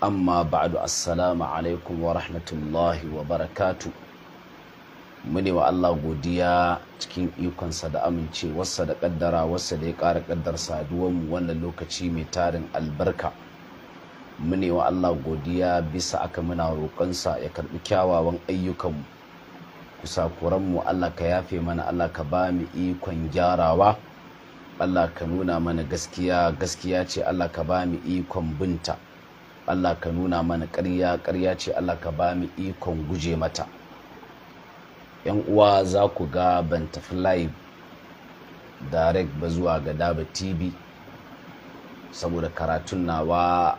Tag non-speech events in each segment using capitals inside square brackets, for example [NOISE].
amma ba'du assalamu alaikum wa rahmatullahi wa barakatu mune wa Allah godiya cikin ikonsa da amincewarsa da kaddara wasa da ya ƙara kaddar saduwanmu wannan lokaci mai tarin albarka mune wa Allah godiya bisa aka muna roƙonsa ya karɓi kyawawan ayyukanmu kusakuranmu Allah ka yafe mana Allah ka ba mu ikon gyarawa Allah ka nuna mana gaskiya gaskiya ce Allah ka ba mu ikon binta Allah ka nuna mana ƙarya ƙarya ce Allah ka ba mu ikon guje mata yan uwa za ku ga ban tafi live direct ba zuwa ga daba tv saboda karatun nawa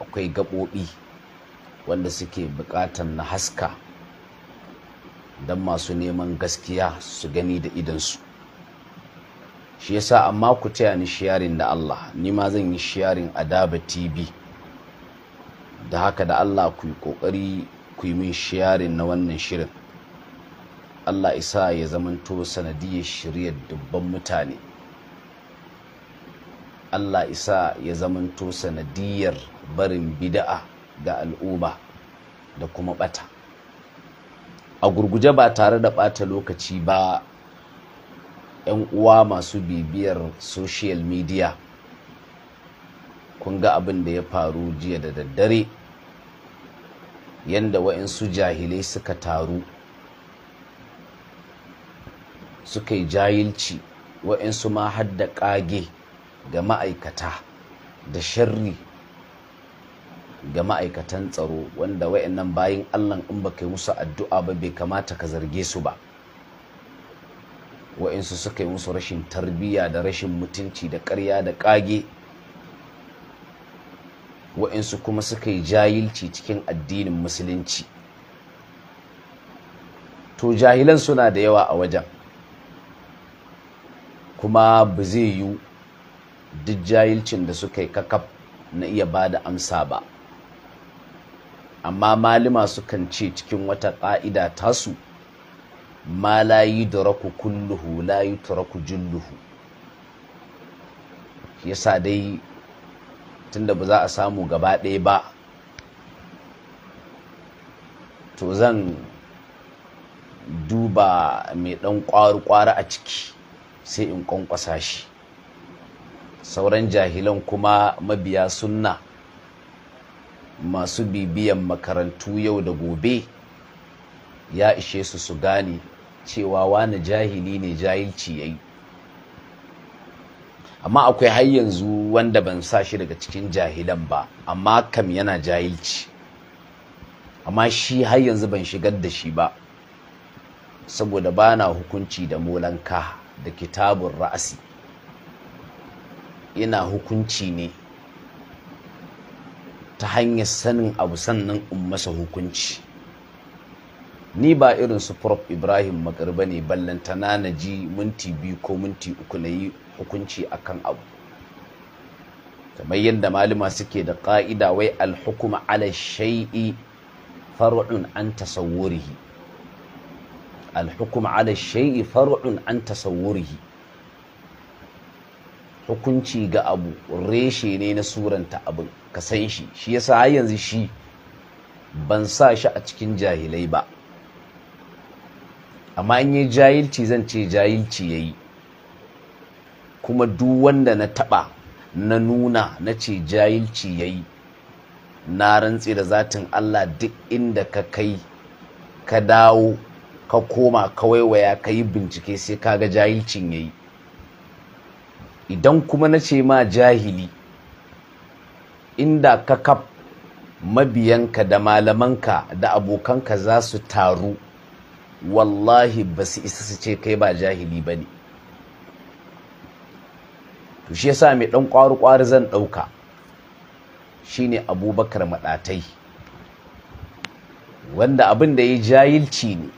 akwai gaɓoɓi wanda suke buƙatar na haska don masu neman gaskiya su gani da idansu shi yasa amma ku taya ni sharing da Allah ni ma zan yi sharing adaba daba tv da haka da Allah ku yi ƙoƙari ku yi min shiyarin na wannan shirin Allah isa ya zamanto sanadiyar shiryar dubban mutane Allah isa ya zamanto sanadiyar barin bida'a ga al'umma da kuma bata a gurguje ba tare da ɓata lokaci ba 'yan uwa masu bibiyar social media kun ga abin da ya faru jiya da daddare yanda wa'insu jahilai suka taru suka yi jahilci wa'insu ma har da ƙage ga ma'aikata da sharri ga ma'aikatan tsaro wanda wa'annan bayan allah in ba kai musu addu'a ba bai kamata ka zarge su ba wa'insu suka yi musu rashin tarbiyya da rashin mutunci da ƙarya da ƙage wa'insu kuma suka yi jahilci cikin addinin musulunci to jahilan suna da yawa a wajen kuma ba zai yiwu duk jahilcin da suka yi kakaf na iya ba da amsa ba amma malima sukan ce cikin wata ƙa'ida tasu ma la yi raku kulluhu la yi turaku julluhu yasa dai tunda ba za a samu gaba ɗaya ba to zan duba mai ɗan ƙwari a ciki sai in ƙwanƙwasa shi sauran jahilan kuma mabiya sunna masu bibiyan makarantu yau da gobe ya ishe su su gane cewa wani jahili ne jahilci ya yi amma akwai har yanzu wanda ban sa shi daga cikin jahilan ba amma kam yana jahilci amma shi har yanzu ban shigar da shi ba saboda ba na hukunci da molanka da kitabun ra'asi ina hukunci ne ta hanyar sanin abu sannan in masa hukunci ni ba irin su prof ibrahim makarba ne ballantana na ji minti biyu ko minti uku na yi hukunci akan abu kamar yadda malama suke da ƙa'ida wai alhukuma ala shay'i far'un an tasawwurihi alhukuma ala shay'i far'un an tasawwurihi hukunci ga abu reshe ne na suranta abu ka san shi shi yasa har yanzu shi ban sa shi a cikin jahilai ba amma in yi jahilci zan ce jahilci yayi kuma duk wanda na taɓa na nuna na ce jahilci ya yi na rantse da zatin Allah duk inda ka kai ka dawo ka koma kawai waya ka yi bincike sai ka ga jahilcin ya yi idan kuma na ce ma jahili inda ka kaf mabiyanka da malamanka da abokanka za su taru wallahi ba su isa su ce kai ba jahili ba ne to shi yasa mai dan kwaru kwaru zan dauka shine abubakar madatai wanda abin da ya jahilci ne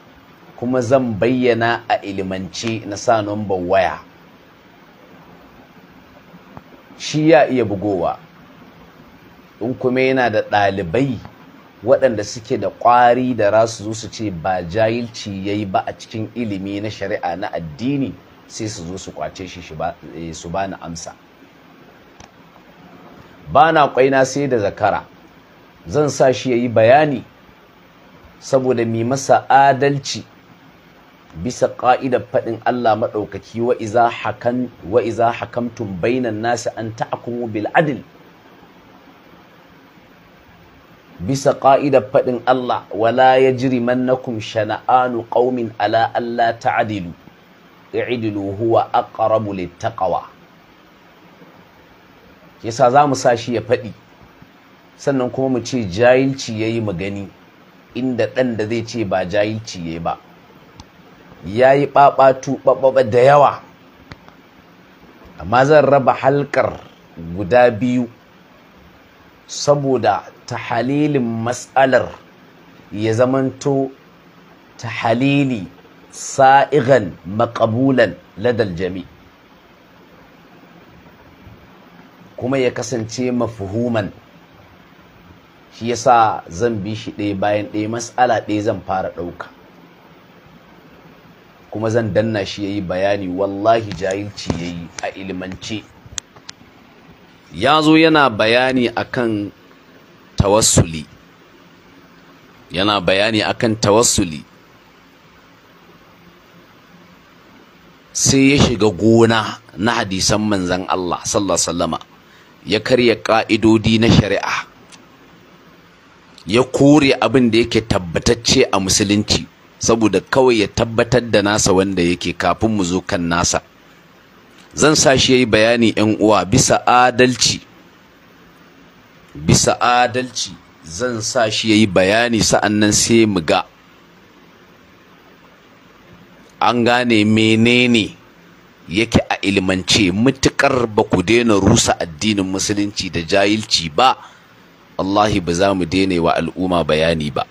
kuma zan bayyana a ilimance na sa number waya shi ya iya bugowa in kuma yana da ɗalibai waɗanda suke da ƙwari da rasu zo su ce ba jahilci ya yi ba a cikin ilimi na shari'a na addini sai su zo su kwace shi eh, su bani amsa ba bana kwaina sai da zakara zan sa shi ya yi bayani saboda mi masa adalci bisa ƙa'idar faɗin Allah maɗaukaki wa iza hakan wa iza hakamtum bainan nasi an ta'kumu bil adl bisa ƙa'idar faɗin Allah wala ya yajrimannakum shana'anu ƙaumin ala alla ta'dilu i'dilu huwa aqrabu littaqwa yasa zamu sa shi ya faɗi sannan kuma mu ce jahilci yayi magani inda ɗan da zai ce ba jahilci yayi ba yayi babatu babba da yawa amma zan raba halkar guda biyu saboda tahalilin mas'alar ya zamanto tahalili sa'igan maqabulan ladal jami kuma ya kasance mafuhuman shi yasa zan bi shi ɗaya bayan ɗaya matsala ɗaya zan fara ɗauka kuma zan danna shi yayi bayani wallahi jahilci yayi a ilimance ya zo yana bayani akan tawassuli yana bayani tawassuli sai ya shiga gona na hadisan manzan Allah sallallahu ya karya ƙa'idodi na shari'a ya kore abin da yake tabbatacce a musulunci saboda kawai ya tabbatar da nasa wanda yake kafin mu zo kan nasa zan sa shi yayi bayani 'yan uwa bisa adalci bisa adalci zan sa shi yayi bayani sa'annan sai mu ga an gane menene yake a ilimance mutukar ba ku daina rusa addinin musulunci da jahilci ba Allahi ba za mu daina wa al'umma bayani ba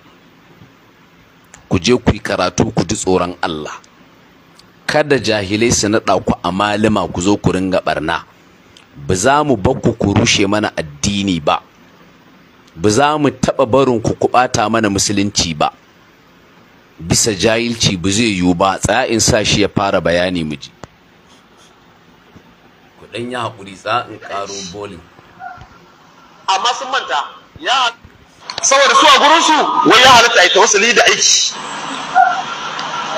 ku je ku yi karatu ku ji tsoron Allah kada jahilai su naɗa ku a malama ku zo ku ringa barna ba za mu bakku ku rushe mana addini ba ba za mu taɓa barin ku ku ɓata mana musulunci ba bisa jahilci ba zai yiwu ba tsa'in sa shi ya fara bayani miji kuɗin ya haƙuri tsa'in ƙaro bolin amma sun manta ya saboda su a gurinsu wai ya halatta a yi tawassuli da aiki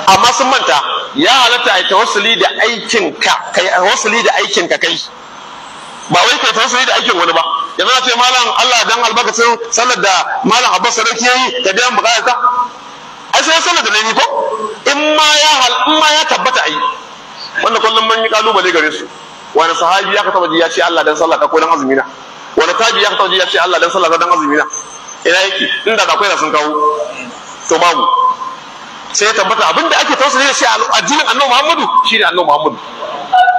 amma sun manta ya halatta a yi tawassuli da aikin ka kai tawassuli da aikin ka kai ba wai kai tawassuli da aikin wani ba yanzu na ce malam Allah dan albarkacin sallar da malam Abbas sarki yayi ta biyan bukatar sai sana da laifi ko in ma ya hal in ma ya tabbata ai wanda kullum mun yi kalubale gare su wani sahabi ya taba ji ya ce Allah dan sallah ka ko dan azumi na wani tabi ya taba ji ya ce Allah dan sallah ka dan azumi na ina yake inda da kai da sun kawo to babu sai ya tabbata abinda ake tausaye da shi a addinin Annabi Muhammadu shi ne Annabi Muhammadu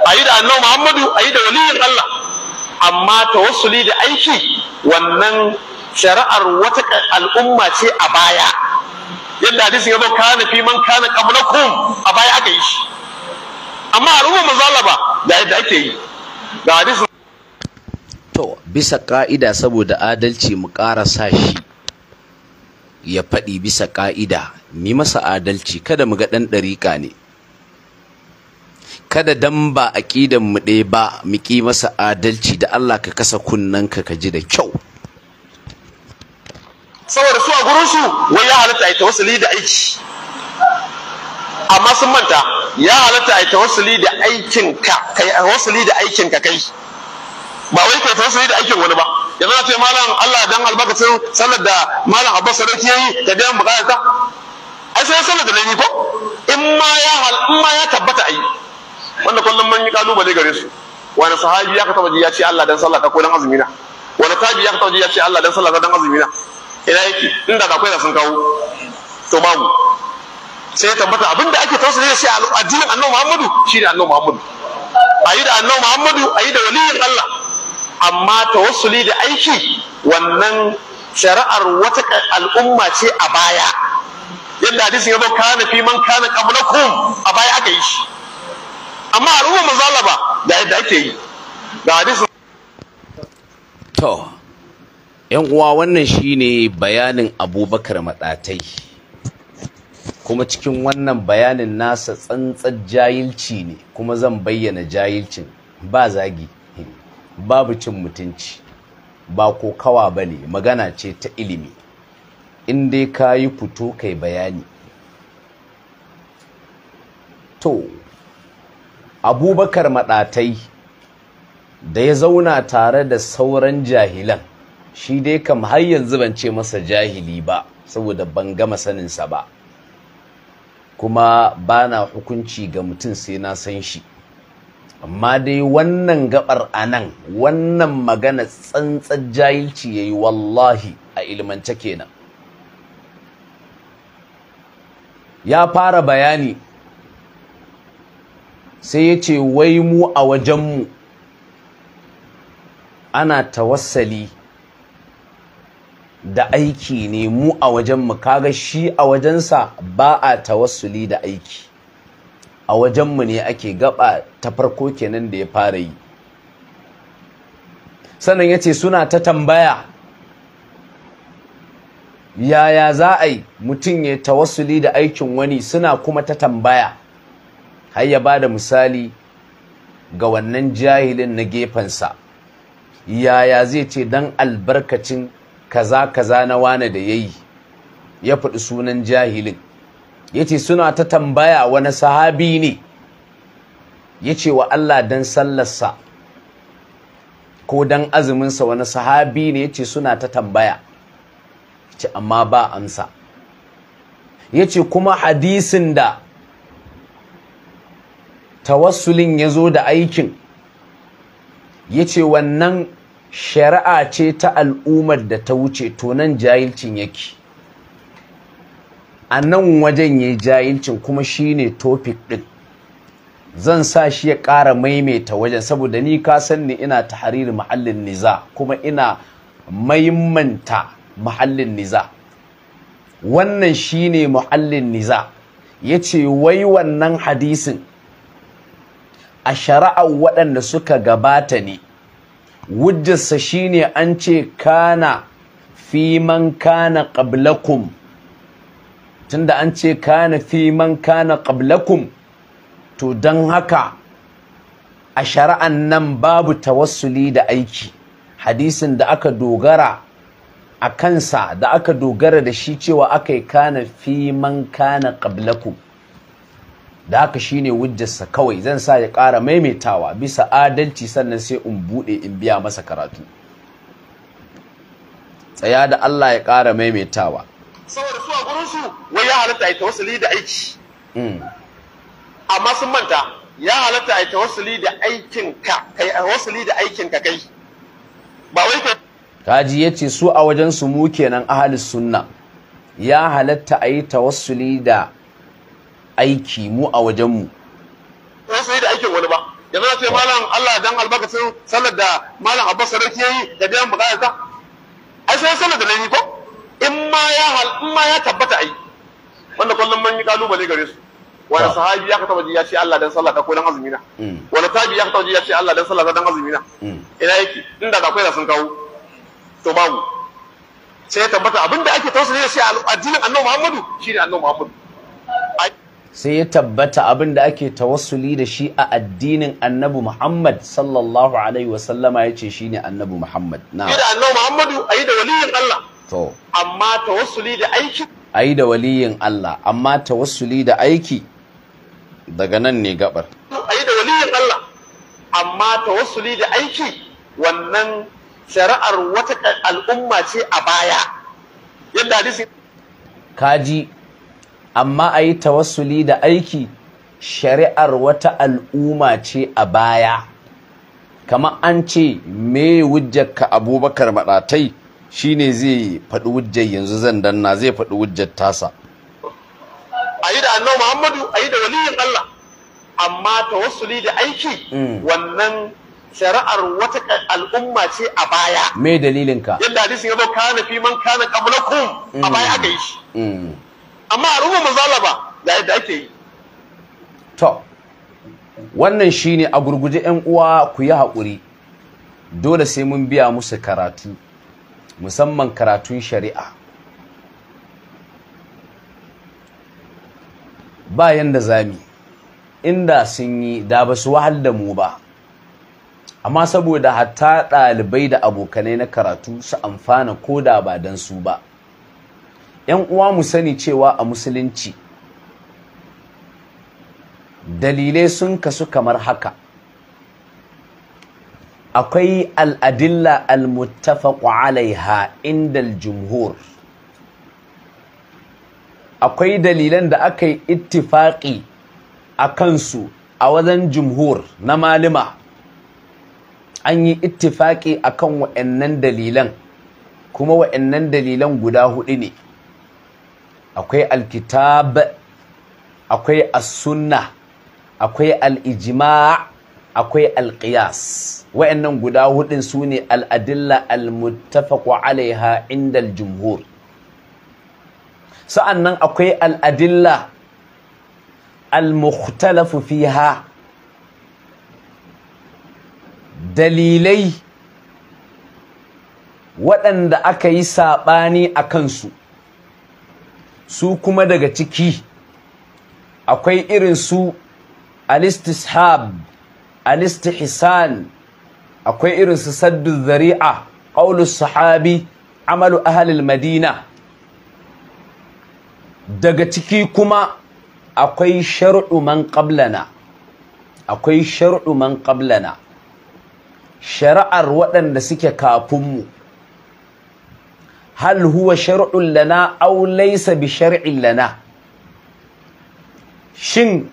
ayi da Annabi Muhammadu ayi da waliyin Allah amma tawassuli da aiki wannan shari'ar wata al'umma ce a baya yadda hadisin ya zo kana fi man kana qablakum a baya aka yi shi amma al'umma mazalaba da yadda ake yi ga hadisin to bisa ka'ida saboda adalci mu karasa shi ya faɗi bisa ka'ida mi masa adalci kada mu ga ɗan ɗariƙa ne kada dan ba aƙidan mu ɗaya ba mu ƙi masa adalci da Allah ka kasa kunnen ka ji da kyau saboda su a gurinsu wai ya halatta a yi tawassuli da aiki amma sun manta ya halatta a yi tawassuli da aikin ka kai tawassuli da aikin ka kai ba wai kai tawassuli da aikin wani ba yanzu na ce malam Allah dan albarkacin sallar da malam Abbas Sadauki yayi ka biya mu bukatarka ai sai sallar da nayi ko in ma ya hal in ma ya tabbata ai wanda kullum mun yi kalubale gare su wani sahabi ya ka taba ji ya ce Allah dan sallar ta ko dan azumina? wani tabi ya ka taba ji ya ce Allah dan sallar ta dan azumina? ina yake inda da akwai da sun kawo to babu sai ya tambata abinda ake tausaya shi a addinin annabi Muhammadu shi da annabi Muhammadu ayi da annabi Muhammadu ayi da waliyin Allah amma tawassuli da aiki wannan shari'ar wata al'umma ce a baya yadda hadisin ya zo kana fi man kana qablakum a baya aka yi shi amma al'umma manzo da yadda ake yi ga hadisin to yan uwa wannan shine bayanin abubakar matsatai kuma cikin wannan bayanin nasa tsantsan jahilci ne kuma zan bayyana jahilcin ba zagi babu cin mutunci ba ko kawa ba ne magana ce ta ilimi in dai ka yi fito kai bayani to abubakar maɗatai da ya zauna tare da sauran jahilan shi dai kam har yanzu ban ce masa jahili ba saboda ban gama saninsa ba kuma ba na hukunci ga mutum sai na san shi amma dai wannan gabar a nan wannan magana tsantsar jahilci ya yi wallahi a ilmance kenan ya fara bayani sai ya ce wai mu a wajenmu ana tawassali da aiki ne mu a wajenmu kaga shi a wajensa ba a tawassuli da aiki a wajenmu ne ake gaba ta farko kenan da ya fara yi sannan ya ce suna ta tambaya yaya za a yi mutum ya tawassuli da aikin wani suna kuma ta tambaya har ya bada misali ga wannan jahilin na gefensa yaya zai ce don albarkacin kaza kaza na wane da yayi ya faɗi sunan jahilin yace suna ta tambaya wani sahabi ne yace wa Allah dan sallarsa ko dan azuminsa wani sahabi ne yace suna ta tambaya ce amma ba amsa yace kuma hadisin da tawassulin ya zo da aikin ya ce wannan shari'a ce ta al'ummar da ta wuce to nan jahilcin yake a nan wajen ya jahilcin kuma shine topic din, zan sa shi ya ƙara maimaita wajen saboda ni ka san ni ina tahariri mahallin niza kuma ina maimanta mahallin niza wannan shine mahallin niza ya ce wai wannan hadisin a shari'ar waɗanda suka gabata ne wujjarsa ne an ce kana fi man kana tun da an ce kana fi man kana ƙablakum to don haka a shari'an nan babu tawassuli da aiki hadisin da aka dogara a kansa da aka dogara da shi cewa aka yi kana fi man kana ƙablakum da haka shine wujjarsa kawai zan sa ya ƙara maimaitawa bisa adalci sannan sai in buɗe in biya masa karatu tsaya da Allah ya ƙara maimaitawa saboda su a gurin su wai ya halatta ai tawassuli da aiki hmm. amma sun manta ya halatta ai tawassuli da aikin ka kai tawassuli da aikin ka kai ba wai ka kaji yace su a wajen su mu kenan ahlus sunna ya halatta ai tawassuli da aiki mu a wajenmu sai sai da aikin wani ba yanzu na ce malam Allah dan albarkacin sallar da malam Abbas Sarki yayi da biyan bukatar ai sai sallar da nayi ko in ma ya hal in ma ya tabbata ai wanda kullum mun yi kalubale gare su wani ah. sahabi ya kataba ya ce Allah dan sallar da ko dan azumi na hmm. wani tabi ya kataba ya ce Allah dan sallar da dan azumi na hmm. ina yake inda da akwai da sun kawo to babu sai ya tabbata abinda ake tausaya shi a addinin Annabi Muhammadu shine Annabi Muhammadu sai ya tabbata abin da ake tawassuli da shi a addinin annabi Muhammad sallallahu alaihi wasallama ya ce shi ne annabi Muhammad na da annabi a yi da waliyin Allah to amma tawassuli da aiki A yi da waliyin Allah amma tawassuli da aiki daga nan ne gabar A yi da waliyin Allah amma tawassuli da aiki wannan shari'ar wata al'umma ce a baya yadda hadisi kaji amma a yi tawassuli da aiki shari'ar wata al'umma ce a baya kamar an ce me ka abubakar maɗatai shine zai faɗi wujjar yanzu zan danna zai faɗi wujjar tasa a yi da annabi muhammadu a yi da waliyin allah amma tawassuli da aiki mm. wannan shari'ar wata al'umma ce a baya me dalilinka yadda hadisin ya kana fi man kana qablakum a mm. baya aka yi shi mm. amma al'umma manzo ba ga yadda ake yi to wannan shi ne a gurguje yan uwa ku yi haƙuri dole sai mun biya musu karatu musamman karatun shari'a bayan da zami inda sun yi da ba su wahal da mu ba amma saboda hatta ɗalibai da abokanai na karatu su amfana ko da ba don su ba 'yan uwa mu sani cewa a musulunci dalilai sun kasu kamar haka akwai al'adilla al alaiha inda jumhur akwai dalilan da aka yi ittifaƙi a kansu a wajen jumhur na malima an yi ittifaƙi a kan wa'annan dalilan kuma wa'annan dalilan guda hudu ne akwai alkitab akwai as-sunna akwai al akwai al-qiyas guda hudun sune al-adilla al-muttafaqu 'alayha 'inda al-jumhur sa'annan akwai al-adilla al-mukhtalafu fiha dalilai waɗanda aka yi saɓani a kansu su kuma daga ciki akwai irin su alistishab alistihisan akwai irin su saddu zari'a qaulus sahabi amalu ahlil madina daga ciki kuma akwai shar'u man qablana akwai shar'u man ƙablana shari'ar waɗanda suke kafinmu hal huwa shar'un lana aw laysa bi shar'in lana shin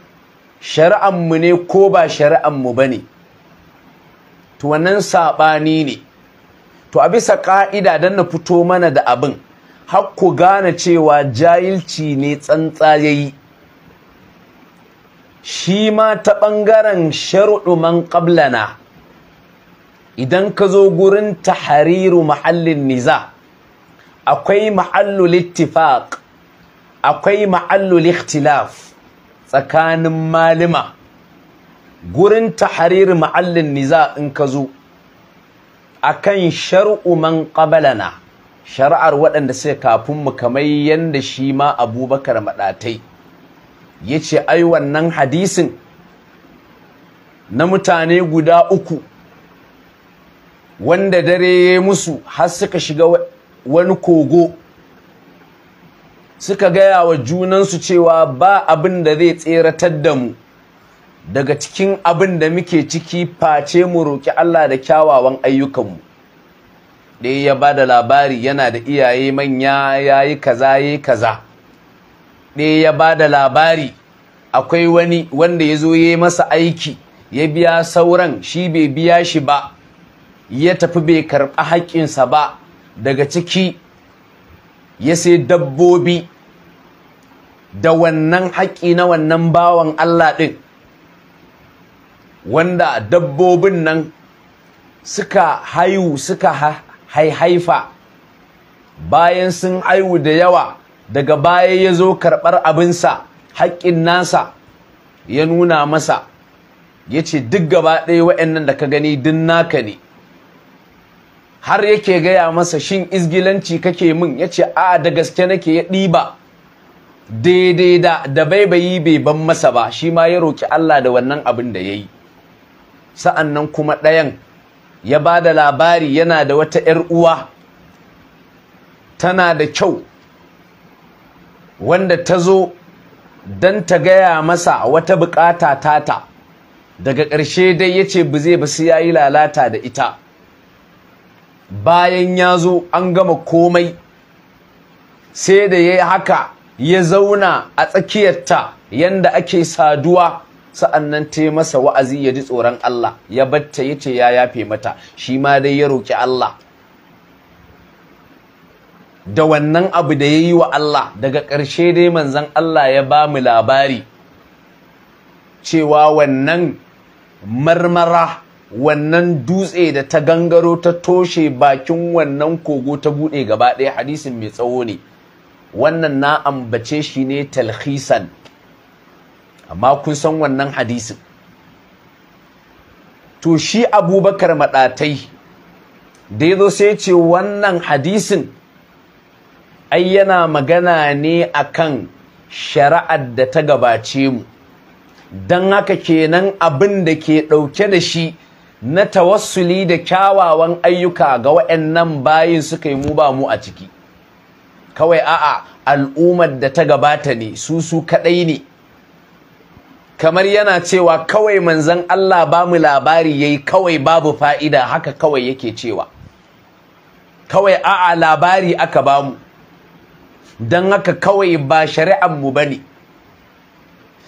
shari'ar mu ne ko ba shari'ar mu bane to wannan sabani ne to a bisa ka'ida dan na fito mana da abin har ku gane cewa jahilci ne tsantsa yayi shi ma ta ɓangaren sharuɗu man ƙablana idan ka zo gurin tahariru mahallin niza' akwai ma'allul ittifaq akwai ma'allul ikhtilaf tsakanin malima gurin tahrir ma'allin niza in ka zo akan shar'u man qabalana shar'ar waɗanda suka kafin mu kamar yanda shi ma Abubakar madatai yace ai wannan hadisin na mutane guda uku wanda dare musu har suka shiga wani kogo suka gaya wa junansu cewa ba abin da zai tseratar da mu daga cikin abin da muke ciki face mu roƙi Allah da kyawawan ayyukanmu ɗaya ya ba da labari yana da iyaye manya ya yi kaza ya yi kaza ɗaya ya ba da labari akwai wani wanda ya zo ya yi masa aiki ya biya sauran shi bai biya shi ba ya tafi bai karɓi haƙƙinsa ba daga ciki ya sai dabbobi da wannan haƙƙi na wannan bawan Allah ɗin wanda dabbobin nan suka haihu suka haihaifa bayan sun haihu da yawa daga baya ya zo karɓar abinsa haƙƙin nasa ya nuna masa ya ce duk gaba ɗaya wa'annan da ka gani duk naka ne har yake gaya masa shin izgilanci kake mun? ya ce a da gaske nake ya ɗiba daidai da da baibayi bai ban masa ba shi ma ya roƙi Allah da wannan abin da ya yi sa'an nan kuma ɗayan ya ba da labari yana da wata ‘yar uwa tana da kyau wanda ta zo don ta gaya masa wata bukata tata daga ƙarshe dai ya ce ba zai ba su yayi lalata da ita bayan ya zo an gama komai sai da ya haka ya zauna a tsakiyarta yanda ake saduwa sa'annan ta masa wa'azi ya ji tsoron Allah ya batta ya ce ya yafe mata shi ma dai ya roƙi Allah da wannan abu da ya yi wa Allah daga ƙarshe dai manzan Allah ya ba mu labari cewa wannan marmara wannan dutse da ta gangaro ta toshe bakin wannan kogo ta buɗe gaba ɗaya hadisin mai tsawo ne wannan na ambace shi ne talhisan amma kun san wannan hadisin to shi abubakar maɗatai da ya zo sai ce wannan hadisin ai yana magana ne akan shari'ar da ta gabace mu don haka kenan abin da ke ɗauke da shi na tawassuli da kyawawan ayyuka ga waɗannan bayin suka yi mu ba mu a ciki kawai a'a al'ummar da ta gabata ne su su kaɗai ne kamar yana cewa kawai manzan Allah ba mu labari yayi kawai babu fa'ida haka kawai yake cewa kawai a'a labari aka ba mu don haka kawai ba shari'ar mu bane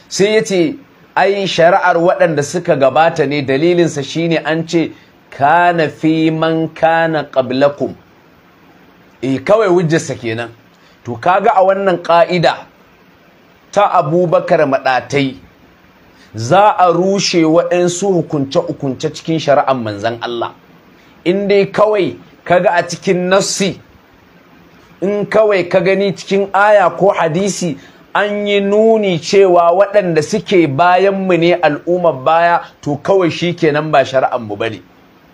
sai yace ai shari'ar waɗanda suka gabata ne dalilinsa shine an ce kana fi man kana qablakum E, kawai hujjarsa kenan to kaga a wannan ƙa'ida ta Abubakar maɗatai za a rushe waɗansu hukunce-hukunce cikin shari'ar manzan Allah in dai kawai kaga a cikin nassi in kawai ka gani cikin aya ko hadisi an yi nuni cewa waɗanda suke bayan mu ne al'ummar baya to kawai shi kenan ba shari'ar mu bane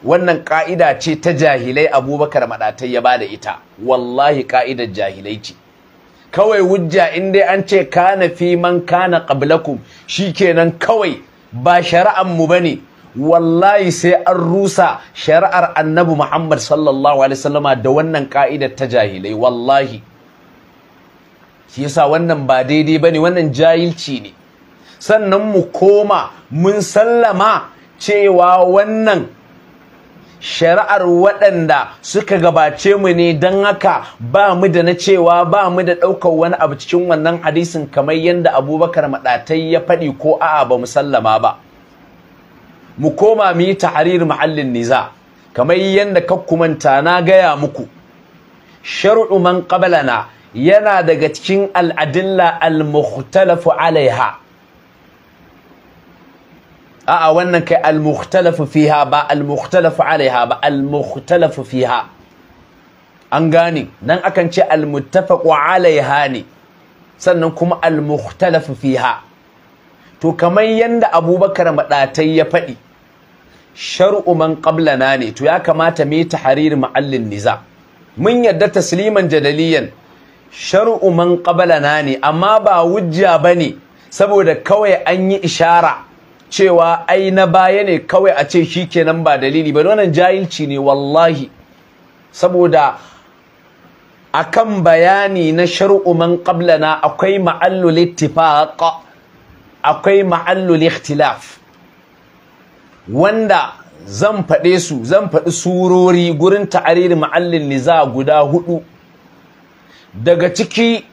wannan ƙa'ida ce ta jahilai abubakar maɗatai ya bada ita wallahi ƙa'idar jahilai ce kawai hujja in dai an ce kana fi man kana qablakum kenan kawai ba shari'ar mu bane wallahi sai an rusa shari'ar annabi Muhammad sallallahu alaihi wasallama da wannan ka'idar ta jahilai wallahi shi yasa wannan ba daidai ba bane wannan jahilci ne sannan mu koma mun sallama cewa wannan shari'ar waɗanda suka gabace mu ne don haka ba mu da na cewa ba mu da ɗaukar wani abu cikin wannan hadisin kamar yadda abubakar maɗatai ya faɗi ko a'a ba mu sallama ba mu koma mu yi tahrir muhallin niza kamar yadda kakkumanta na gaya muku sharuɗu man na. yana daga cikin al'adilla al-mukhtalafu alaiha a'a wannan kai al-mukhtalafu fiha ba al-mukhtalafu alaiha ba al-mukhtalafu fiha an gane nan akan ce al-muttafaqu alaiha ne sannan kuma al-mukhtalafu fiha to kamar yadda abubakar maɗatai ya faɗi shar'u man na ne to ya kamata mu yi tahrir ma'allin niza mun yadda tasliman jadaliyan shar'u man na ne amma ba wujja bane saboda kawai an yi ishara cewa ai na baya ne kawai a ce kenan ba dalili ba wannan jahilci ne wallahi saboda akan bayani na shar'u man qablana akwai ma'allul ittifaq akwai ma'allul ikhtilaf wanda zan faɗe su zan faɗi surori gurin ta'aririn ma'allin niza guda hudu daga ciki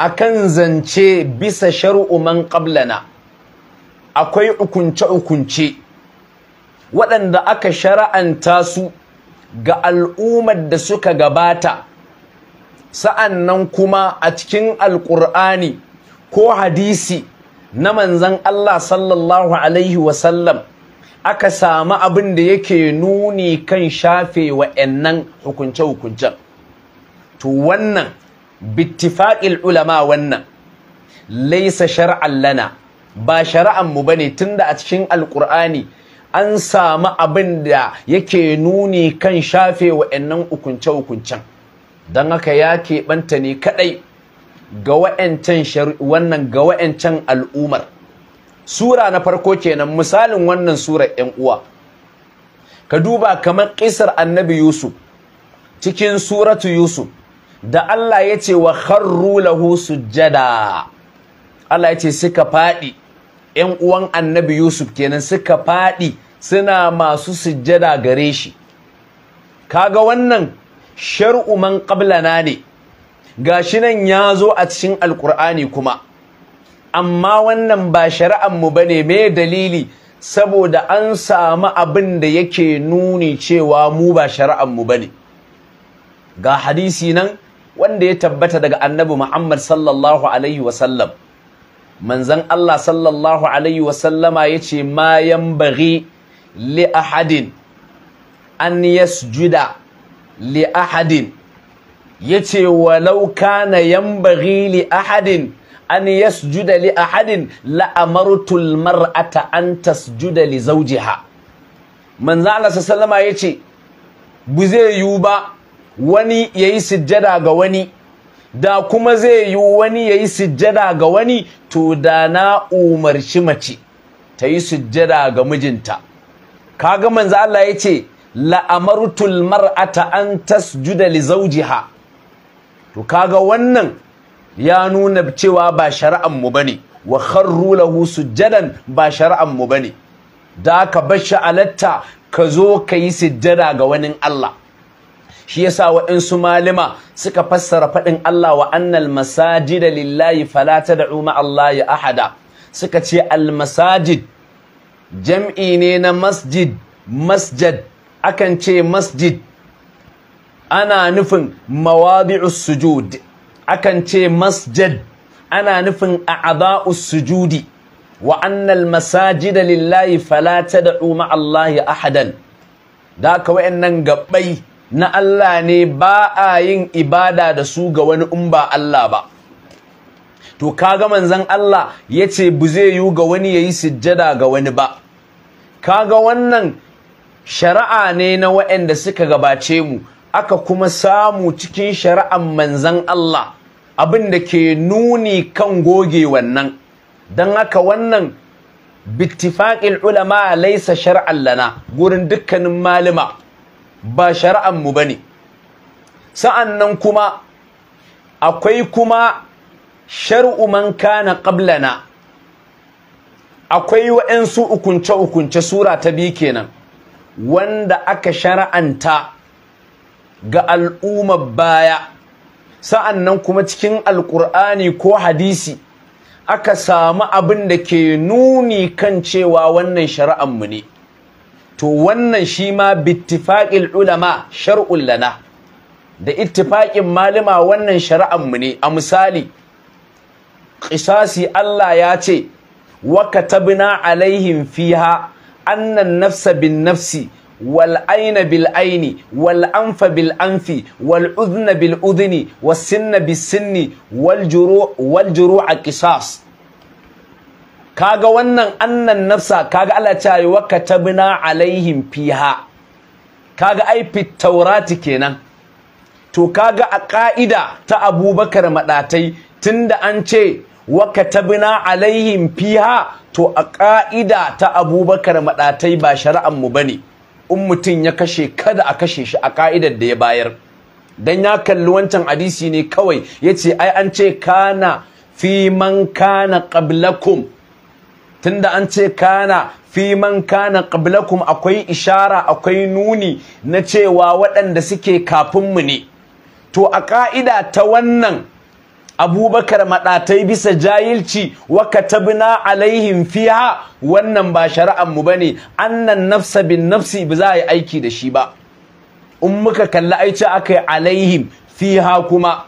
akan zance bisa shar'u man qablana akwai ukunce ukunce waɗanda aka shara'anta su ga al'ummar da suka gabata sa'annan kuma a cikin alƙur'ani ko hadisi na manzan Allah sallallahu alaihi wasallam aka samu abin da yake nuni kan shafe wa'annan hukunce-hukuncen to wannan bittifaƙil ulama wannan laisa shar'an lana ba shar'an mu bane tunda a cikin Alƙur'ani an samu abin da yake nuni kan shafe wa'annan ukunce-ukuncen dan haka ya keɓanta ne kaɗai ga wa'ancan wannan ga wa'ancan al'umar sura na farko kenan misalin wannan surar 'yan uwa ka duba kamar ƙisar annabi yusuf cikin suratu yusuf da Allah ya ce wa kharru lahu sujjada Allah ya ce suka faɗi ‘yan uwan annabi Yusuf kenan suka faɗi suna masu sujjada gare shi kaga wannan shar'u man qablana ne gashi nan ya zo a cikin alkur'ani kuma amma wannan ba shari'ar mu bane me dalili saboda an samu abin da yake nuni cewa mu ba shari'ar mu bane ga hadisi nan wanda ya tabbata daga annabi Muhammad sallallahu alaihi wasallam manzon Allah sallallahu alaihi wasallama yace ma yanbaghi li ahadin an yasjuda li ahadin yace walau kana yanbaghi li ahadin an yasjuda li ahadin la amartu al mar'ata an tasjuda li zawjiha manzon Allah sallallahu alaihi wasallama yace bu zai yiwu ba wani ya yi sujjada ga wani da kuma zai yi wani ya yi sujjada ga wani to da na umarci mace ta yi sujjada ga mijinta Ka ga, manzo Allah ya ce la'amartul mar'ata an tasjuda li zawjiha to kaga wannan ya nuna cewa ba shari'an mu bane wa kharru lahu sujjadan ba shari'an mu bane da ka bashi alatta ka zo ka yi sujjada ga wani Allah shi yasa waɗansu malima suka fassara faɗin Allah wa annal masajida lillahi fala tad'u ma Allah ahada suka ce al masajid jam'i ne na masjid masjad akan ce masjid ana nufin mawadi'us sujud akan ce masjad ana nufin a'dha'us sujudi wa annal masajida lillahi fala tad'u ma Allah ahadan da ka wayannan gabbai na Allah ne ba a yin ibada da su ga wani in ba Allah ba to kaga manzan Allah yace bu zai yi ga wani ya yi sujjada ga wani ba kaga wannan shari'a ne na waɗanda suka gabace mu aka kuma samu cikin shari'an manzan Allah abin da ke nuni kan goge wannan don haka wannan bittifaƙin ulama laisa shar'an lana gurin dukkanin malama ba shari'an mu bane sa'annan kuma akwai kuma shari’u man ƙabla na, akwai wa'ansu ukunce ukunce sura ta biyu kenan wanda aka shari'anta ga al'ummar baya sa'annan kuma cikin alkur'ani ko hadisi aka samu abin da ke nuni kan cewa wannan mu ne to wannan shi ma bittifaƙin ulama shar'un lana da ittifaƙin malama wannan shari'ar mu ne a misali Ƙisasi Allah ya ce wa katabna alaihim fiha annan nafsa bin nafsi wal aina bil aini wal anfa bil anfi wal udhna bil udhni was sinna bis sinni wal juru' wal juru' qisas kaga wannan annan nafsa kaga Allah ya ce wa katabna alaihim fiha kaga ai fit taurati kenan to kaga a ka'ida ta Abubakar madatai tunda an ce wa alaihim fiha to a ka'ida ta Abubakar madatai ba shari'an mu bane in Mutum ya kashe kada a kashe shi a ka'idar da ya bayar dan ya kalli wancan hadisi ne kawai yace ai an ce kana fi man kana qablakum tunda an ce kana fi man kana qablakum akwai ishara akwai nuni na cewa waɗanda suke kafin mu ne to a ka'ida ta wannan abubakar maɗatai bisa jahilci wa katabna alaihim fiha wannan ba shari'ar mu bane annan nafsa bin nafsi ba za a yi aiki da shi ba in muka kalli aice aka yi alaihim fiha kuma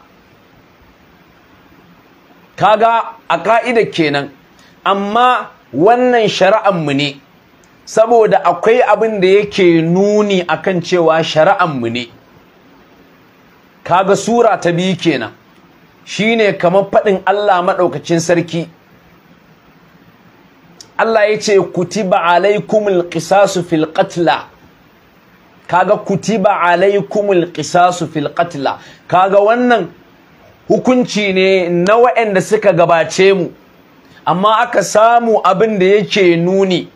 kaga a ka'ida kenan amma wannan mu ne saboda akwai abin da yake nuni a kan cewa mu ne kaga sura ta biyu kenan shine kamar faɗin Allah maɗaukacin sarki Allah ya ce kutiba alaikumul qisasu fil qatla kaga kutiba alaikumul qisasu fil qatla kaga wannan hukunci ne na waɗanda suka gabace mu amma aka samu abin da yake nuni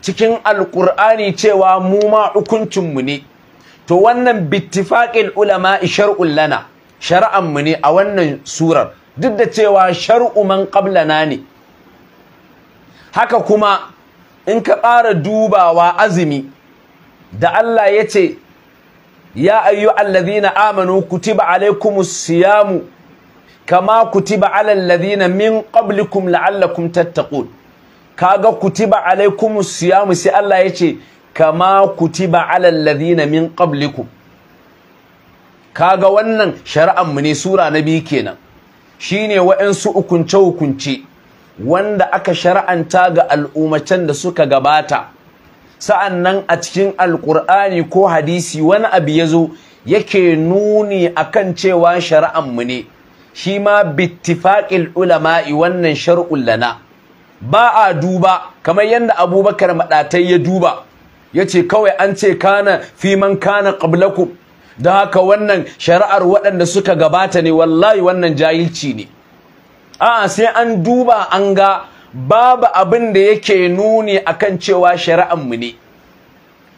cikin alkur'ani cewa mu ma hukuncinmu ne to wannan bittifaqil ulama shar'un lana shar'an mu ne a wannan surar duk da cewa shar'u man qablana ne haka kuma in ka ƙara dubawa azumi da Allah ya ce ya allazina amanu kutiba alaikumus siyamu kama kutiba alal ladhina min qablikum la'allakum tattaqun kaga kutiba alaikum siyam sai Allah yace kama kutiba alal ladhina min Ka kaga wannan shari'an mu ne sura na biyu kenan shine wa'ansu hukunce hukunce wanda aka shar'anta ga al'ummacin da suka gabata sa'annan a cikin Alƙur'ani ko hadisi wani abu yazo yake nuni akan cewa shari'an mu ne shi ma bittifaqil ulama'i wannan shar'ul lana ba a duba kamar yadda abubakar maɗatai ya duba ya ce kawai an ce kana fiman kana ƙablaku da haka wannan shari'ar waɗanda suka gabata ne wallahi wannan jahilci ne a'a sai an duba an ga babu abin da yake nuni akan cewa shari'ar ne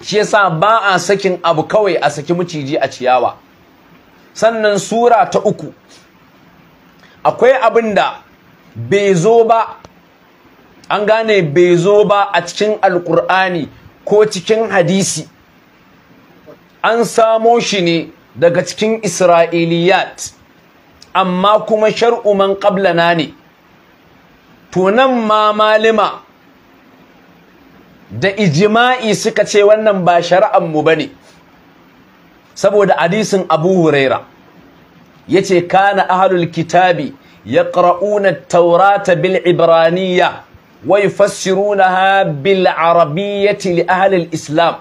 shi yasa ba a sakin abu kawai a saki maciji a ciyawa sannan sura ta uku akwai abin da bai zo ba an gane bai zo ba a cikin alkur'ani ko cikin hadisi an samo shi ne daga cikin isra'iliyat amma kuma shar'uman ƙablana na ne to nan ma malima da ijima'i suka ce wannan ba shari'ar mu ne saboda hadisin Abu Huraira yace kana ahlul kitabi yaqra'una at-taurata bil ibraniyya wa yufassirunaha bil arabiyyati li ahli al-islam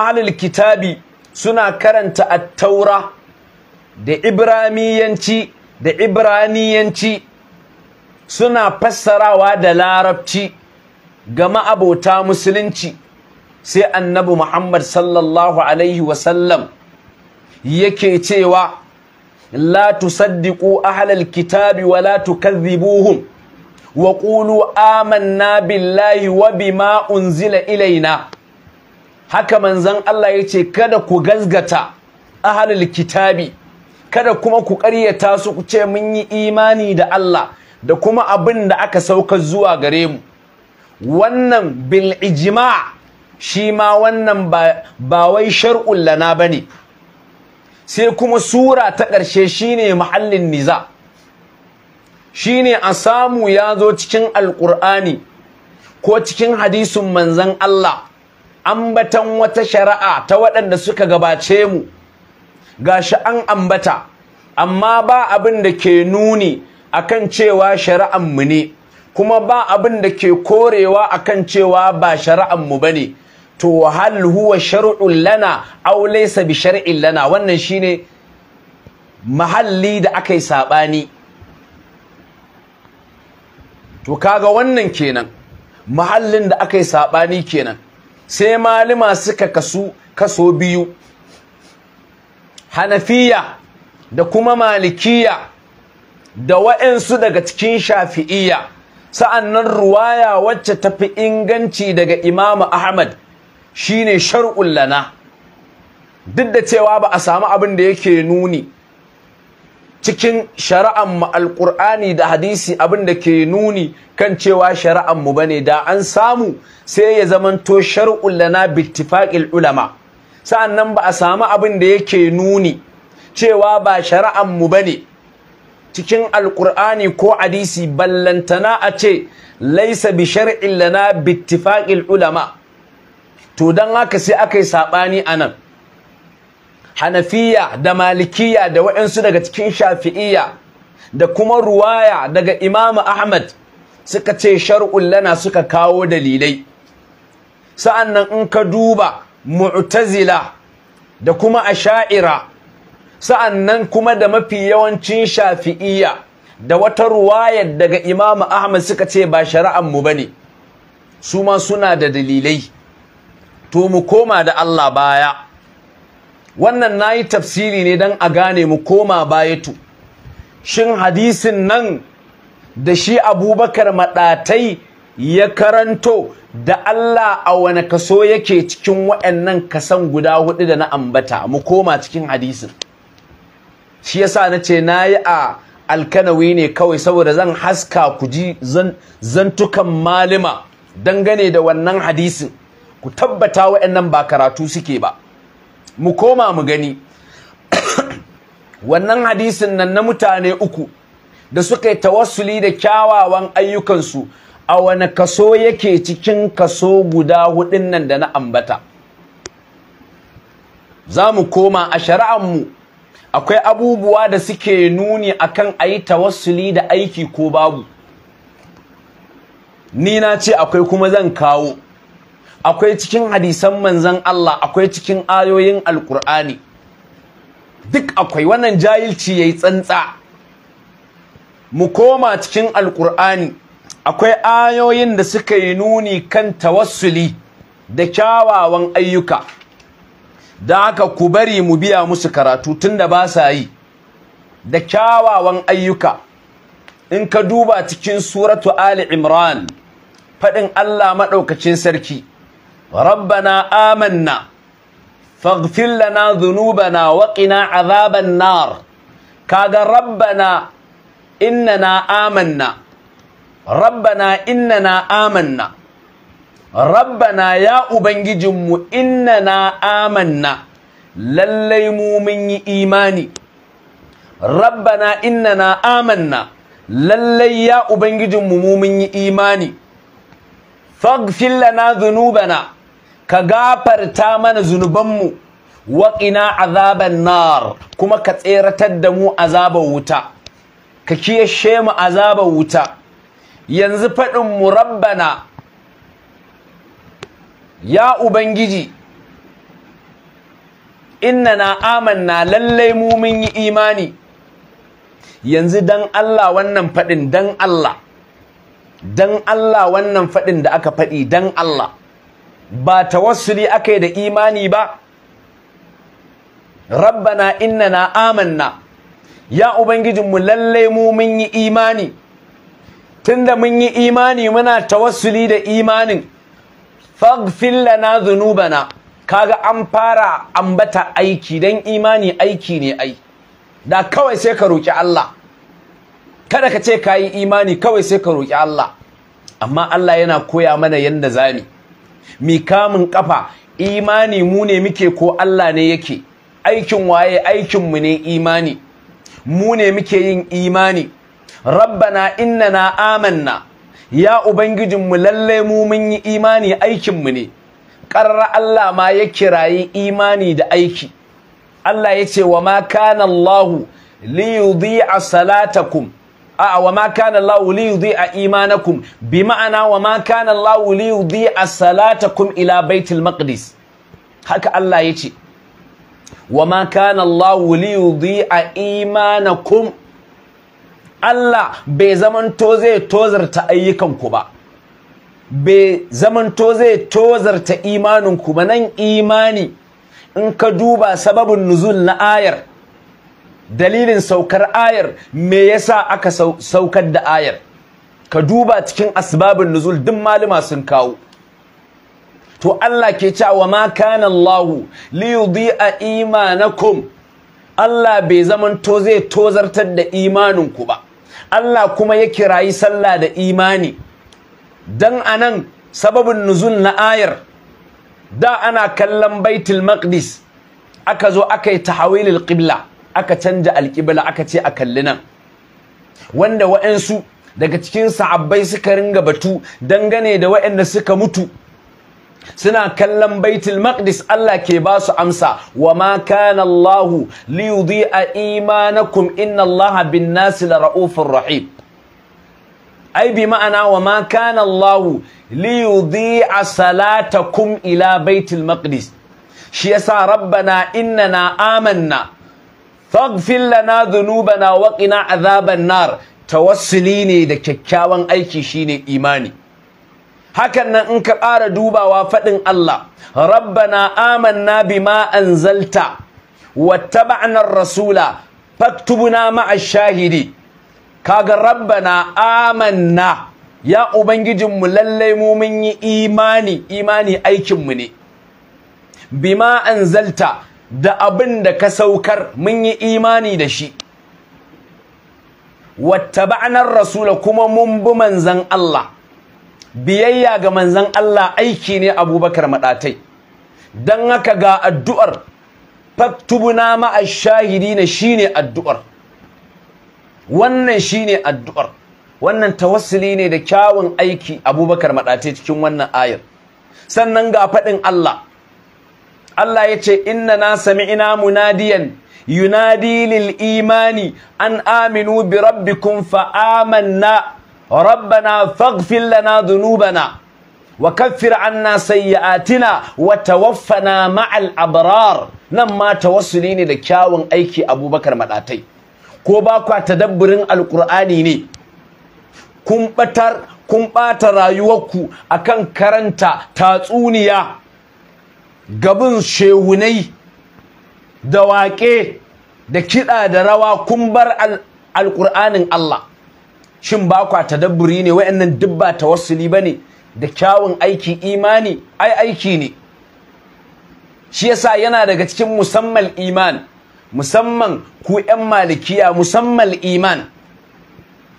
ahlul kitabi suna karanta at-taura da ibraniyanci da ibraniyanci suna fassarawa da larabci ga ma'abota musulunci sai annabi Muhammad sallallahu alaihi yake cewa la tusaddiqu ahlal kitabi wa la tukadhibuhum wa qulu amanna billahi wa bima unzila ilaina haka manzon Allah yace kada ku gazgata ahlal kitabi kada kuma ku ƙaryata su ce mun yi imani da Allah da kuma abin da aka sauka zuwa gare mu wannan bil ijma' shi ma wannan ba wai shar'ul lana bane sai kuma sura ta ƙarshe shine mahallin niza shine a samu ya zo cikin alƙur'ani ko cikin hadisin manzon Allah ambatan wata shari'a ta waɗanda suka gabace mu gashi an ambata amma ba abin da ke nuni akan cewa shari'an mu ne kuma ba abin da ke korewa akan cewa ba shari'an mu bane to hal huwa shar'un lana aw laysa bi shar'in lana wannan shine mahalli da aka sabani to kaga wannan kenan mahallin da aka yi sabani kenan sai malima suka kasu kaso biyu hanafiya da kuma malikiya da wa'ansu daga cikin shafi'iyya sa'annan ruwaya wacce tafi inganci daga imamu ahmad shine shar'ul lana duk da cewa ba a samu abin da yake nuni cikin shari'an mu alqur'ani da hadisi abin da ke nuni kan cewa shari'an mu bane da an samu sai ya zamanto shar'ul lana bittifaqil ulama sa'annan ba a samu abin da yake nuni cewa ba shari'an mu bane cikin alkur'ani ko hadisi ballantana a ce laisa bi shar'in lana bittifaqil ulama to dan haka sai aka yi saɓani a nan hanafiya da malikiya da waɗansu daga cikin shafi'iya da kuma ruwaya daga Imam ahmad suka ce shar'un lana suka kawo dalilai sa'annan in ka duba mu'tazila da kuma asha'ira sa'annan kuma da mafi yawancin shafi'iya da wata ruwayar daga Imam ahmad suka ce ba shari'an mu bane su ma suna da dalilai to mu koma da Allah baya wannan nayi tafsiri ne dan a gane mu koma baya tu. shin hadisin nan da shi Abubakar madatai ya karanto da Allah a wani kaso yake cikin waɗannan kasan guda hudu da na ambata mu koma cikin hadisin shi yasa nace yi a alkanawi ne kawai saboda zan haska ku ji zantukan malima dangane da wannan hadisin ku tabbata wa'annan ba karatu suke ba mu koma mu gani wannan hadisin nan na mutane uku da suka yi tawassuli da kyawawan ayyukansu a wani kaso yake cikin kaso guda hudun nan da na ambata za mu koma a shari'anmu akwai abubuwa da suke nuni akan a yi tawassuli da aiki ko babu ni na ce akwai kuma zan kawo akwai cikin hadisan manzon Allah akwai cikin ayoyin alkur'ani duk akwai wannan jahilci yayi tsantsa mu koma cikin alkur'ani akwai ayoyin da suka yi nuni kan tawassuli da kyawawan ayyuka da aka ku bari mu biya musu karatu tun da ba sa yi da kyawawan ayyuka in ka duba cikin suratu ali imran faɗin Allah maɗaukacin sarki ربنا آمنا فاغفر لنا ذنوبنا وقنا عذاب النار كاغا ربنا إننا آمنا ربنا إننا آمنا ربنا يا أبنججم إننا آمنا للي مومني إيماني ربنا إننا آمنا للي يا أبنججم مومني إيماني فاغفر لنا ذنوبنا ka gafarta mana zunubanmu wa azaban nar kuma ka tseratar da mu azaban wuta ka kiyashe mu azaban wuta yanzu faɗin mu rabbana ya ubangiji inna na amanna lallai mu mun yi imani yanzu dan Allah wannan faɗin dan Allah dan Allah wannan faɗin da aka faɗi dan Allah ba tawassuli akai da imani ba rabbana na amanna ya mu lallai mu mun yi imani tunda mun yi imani muna tawassuli da imanin faghfir lana dhunubana kaga an fara ambata aiki dan imani aiki ne ai da kawai sai ka roki Allah kada ka ce kayi imani kawai sai ka roki Allah amma Allah yana koya mana yanda zami mi kamun kafa imani mu ne muke ko Allah ne yake aikin waye aikin mu ne imani mu ne muke yin imani rabbana innana amanna ya ubangijin mu lalle mu mun yi imani aikin mu ne qarra Allah ma ya kirayi imani da aiki Allah yace wa ma kana Allah li yudhi'a salatakum a'a wa ma kana Allahu li yudhi'a imanakum bi ma'ana wa ma kana Allahu li yudhi'a salatakum ila baitil maqdis haka Allah yace wa ma kana Allahu li yudhi'a imanakum Allah bai to zai tozarta ayyukanku ba bai to zai tozarta imaninku ba nan imani in ka duba sababin nuzul na ayar dalilin saukar ayar me yasa aka saukar da ayar ka duba cikin asbabun nuzul duk malama sun kawo to Allah ke cewa ma kana Allah li yudhi'a imanakum Allah bai to zai tozartar da imanin ku ba Allah kuma ya kirayi sallah da imani dan anan sababin nuzul na ayar da ana kallon baitul maqdis aka zo aka yi tahawilul qibla aka canja alƙibla aka ce a kalli nan wanda wa'ansu daga cikin sa'abbai suka ringa batu dangane da wa'anda suka mutu suna kallon baitul maqdis Allah ke ba su amsa wa ma kana Allah li yudhi'a imanakum inna Allah bin nasi la raufur rahim ai bi ma'ana wa ma kana Allah li yudhi'a salatakum ila baitul maqdis shi yasa rabbana innana amanna faghfir lana na wa qina azaban nar tawassuli ne da kyakkyawan aiki shine imani hakan nan in ka ƙara dubawa faɗin Allah rabbana amanna bima anzalta wattaba'na ar-rasula faktubna ma'a shahidi kaga rabbana amanna ya mu lallai mu mun yi imani imani aikinmu ne bima anzalta da abin da ka saukar mun yi imani da shi Wata wattaba'nar rasula kuma mun bi manzan Allah biyayya ga manzan Allah aiki ne Abubakar madatai dan haka ga addu'ar faktubuna ma'a shahidina shine addu'ar wannan shine addu'ar wannan tawassuli ne da kyawun aiki Abubakar madatai cikin wannan ayar sannan ga faɗin Allah Allah ya ce inna na sami'ina munadiyan yunadi lil imani an aminu bi rabbikum fa amanna rabbana faghfir lana dhunubana wa kaffir anna sayyi'atina wa tawaffana ma'al abrar nan ma tawassuli ne da kyawun aiki Abubakar madatai ko ba kwa tadabburin Alƙur'ani ne kun batar kun ɓata rayuwarku akan karanta tatsuniya gabin shehunai da waƙe da kiɗa da rawa kun bar alƙur'anin Allah shin ba kwa tadabburi ne wa'annan duk ba liba bane da kyawun aiki imani ai aiki ne shi yasa yana daga cikin musamman iman musamman ku 'yan malikiya musamman iman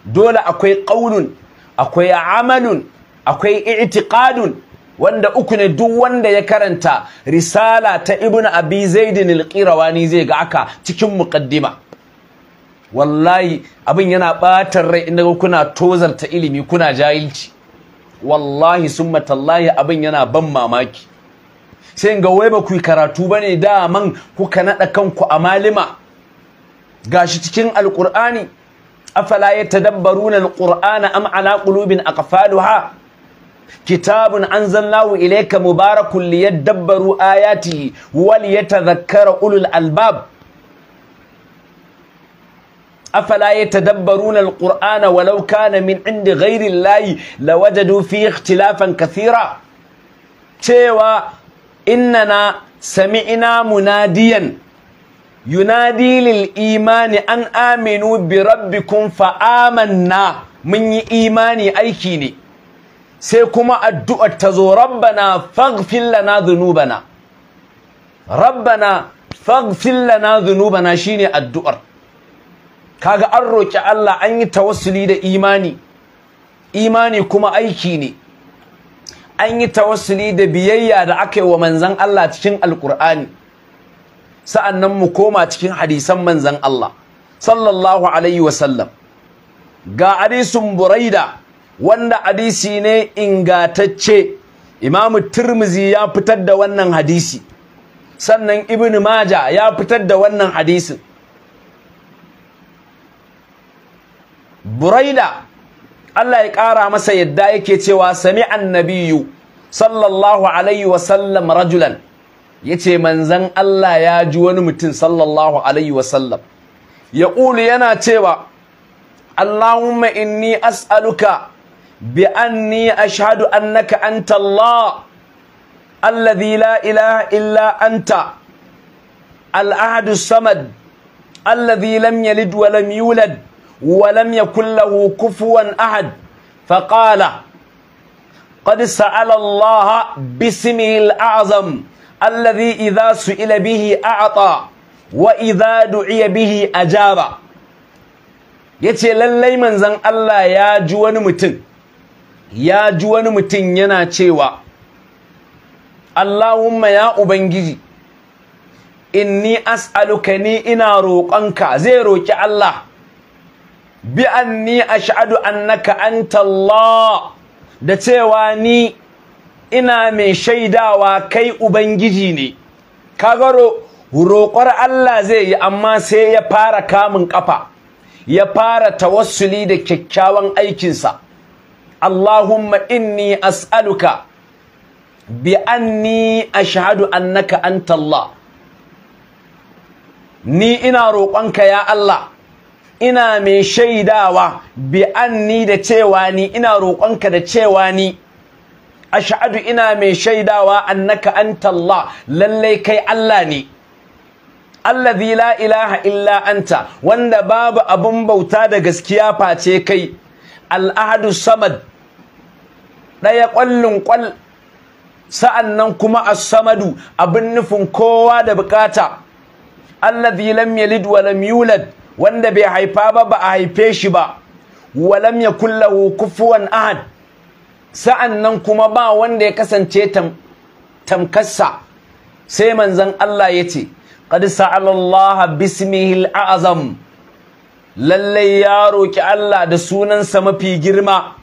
dole akwai ƙaunun akwai amalun akwai i'tiqadun wanda uku ne duk wanda ya karanta risala ta ibnu abi zaidin al-qirawani zai ga aka cikin muqaddima wallahi abin yana batar rai inda kuna tozarta ilimi kuna jahilci wallahi summa tallahi abin yana ban mamaki sai ga wai ba ku karatu bane daman kuka nada kanku a malima gashi cikin al-qur'ani afala yatadabbaruna al-qur'ana am ala qulubin aqfaluha kitabun anzalnahu ilayka mubarakun liyadabbaru ayatihi ya liyatadhakkara ulul albab afala yatadabbaruna alqur'ana walau na min indi ghairi llahi lawajadu fi ikhtilafan kathira cewa innana sami'ina munadiyan yunadi lil imani an aminu bi rabbikum fa amanna mun yi imani aiki ne sai kuma addu'ar ta zo rabbana fagfilla na zunubana. rabbana na zunubana shi shine addu'ar kaga an roƙi Allah an yi tawassuli da imani imani kuma aiki ne an yi tawassuli da biyayya da aka yi wa manzan Allah cikin alkur'ani sa'annan mu koma cikin hadisan manzan Allah sallallahu alaihi wasallam ga adisun buraida wanda hadisi ne ingatacce imamu Turmizi ya fitar da wannan hadisi sannan ibn maja ya fitar da wannan hadisin buraida Allah ya ƙara masa yadda yake cewa sami annabiyu sallallahu alaihi wasallam rajulan yace manzan Allah ya ji wani mutum sallallahu alaihi wasallam ya ƙulu yana cewa Allahumma inni as'aluka bi anni ashhadu annaka anta Allah alladhi la ilaha illa anta al-ahad samad alladhi lam yalid wa lam yulad wa lam yakul kufuwan قد سأل الله باسمه الأعظم الذي إذا سئل به أعطى وإذا دعي به أجاب yace lallai manzon Allah ya ji wani mutum ya ji wani mutum yana cewa Allahumma ya Ubangiji inni as'aluka ni ina roƙonka zai roƙi Allah bi anni ashhadu annaka anta Allah da cewa ni ina mai shaidawa kai ubangiji ne kaga roƙar Allah zai yi amma sai ya fara kamun ƙafa, ya fara tawassuli da kyakkyawan aikinsa Allahumma inni as'aluka bi anni ashhadu annaka anta ni ina roƙonka ya Allah ina mai shaidawa bi anni da cewa ni ina roƙonka da cewa ni ashhadu ina mai shaidawa annaka anta Allah lallai kai Allah ne allazi la ilaha illa anta wanda babu abun bauta da gaskiya face kai al-ahadu samad ɗaya ƙwallin ƙwal sa'an nan kuma a samadu abin nufin kowa da bukata Allah lam yalid wa lam yulad wanda bai haifa ba ba a haife shi ba Walam ya kulla hukufuwan ahad sa'an nan kuma ba wanda ya kasance tamkassa. sai manzon Allah yace ce ƙadi Allah bismihil a’azam azam Lallai ya roƙi Allah da sunansa mafi girma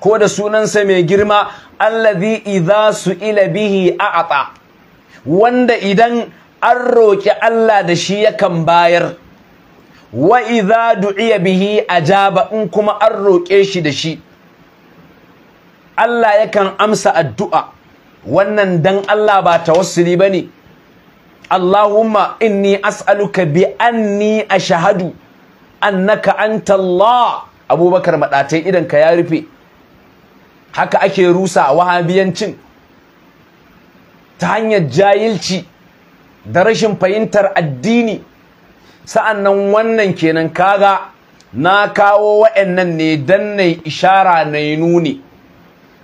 ko da sunansa mai girma allazi idza su'ila bihi a'ata wanda idan an roki Allah da shi yakan bayar wa idza du'iya bihi ajaba in kuma an roke shi da shi Allah yakan amsa addu'a wannan dan Allah ba tawassuli bane Allahumma inni as'aluka bi anni ashhadu annaka anta Allah Abubakar madatai idan ka ya rufe haka ake rusa a wahabiyancin ta hanyar jahilci da rashin fahimtar addini sa'annan wannan kenan kaga na kawo wa'annan ne don na ishara na nuni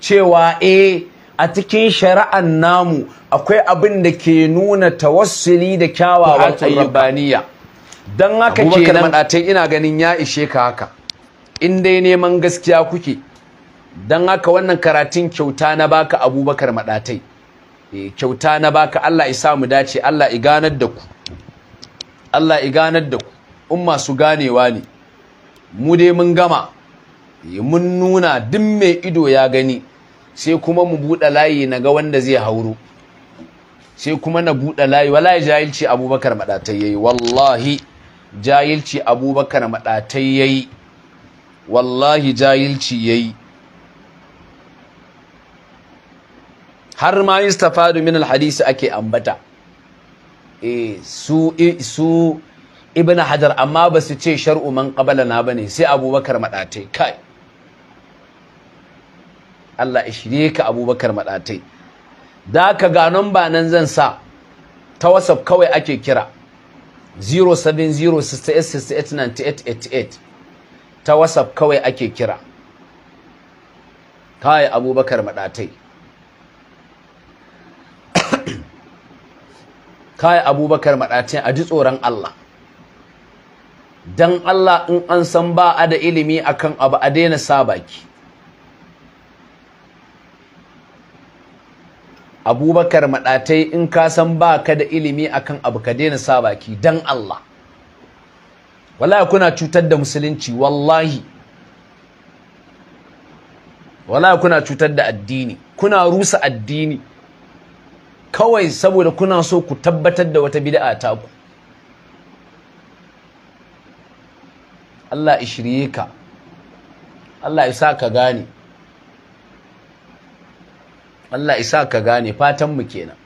cewa eh a cikin shari'an namu akwai abin da ke nuna tawassuli da kyawawan ayyubaniya don haka kenan ina ganin ya ishe ka haka in dai neman gaskiya kuke don haka wannan karatun kyauta na baka abubakar maɗatai eh, kyauta na baka Allah isa mu dace Allah iganar da ku Allah iganar da ku in masu ganewa ne mu dai mun gama eh, mun nuna duk mai ido ya gani sai kuma mu buɗe layi na ga wanda zai hauro sai kuma na buɗe layi wallahi jahilci abubakar maɗatai yayi wallahi jahilci abubakar maɗatai yayi wallahi jahilci yayi har ma stafadu min alhadisi ake ambata eh, su su ibn hajar amma ba su ce shar'u man na bane sai abubakar madatai kai Allah ya shirye ka abubakar madatai da ka ga ba nan zan sa ta whatsapp kawai ake kira 0706869888 ta whatsapp kawai ake kira kai abubakar madatai kai abubakar maɗacin a ji tsoron Allah dan Allah in an san ba a da ilimi akan abu a daina sa baki abubakar madatai in ka san ba ka da ilimi akan abu ka daina sa baki dan Allah wallahi kuna cutar da musulunci wallahi wallahi kuna cutar da addini kuna rusa addini kawai saboda kuna so ku tabbatar da wata bid'a ta ku Allah ya ka Allah ya sa ka gane Allah ya sa ka gane fatan mu kenan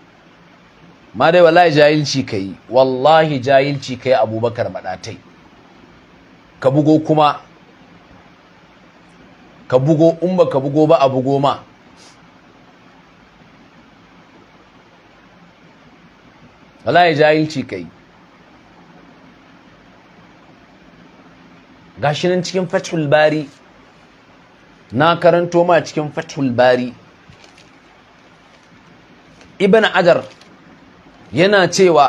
ma dai wallahi jahilci kai wallahi jahilci kai Abubakar madatai ka bugo kuma ka bugo in ba ka bugo ba a bugo ma wallahi jahilci kai gashi nan cikin fathul bari na karanto ma cikin fathul bari ibn ajar yana cewa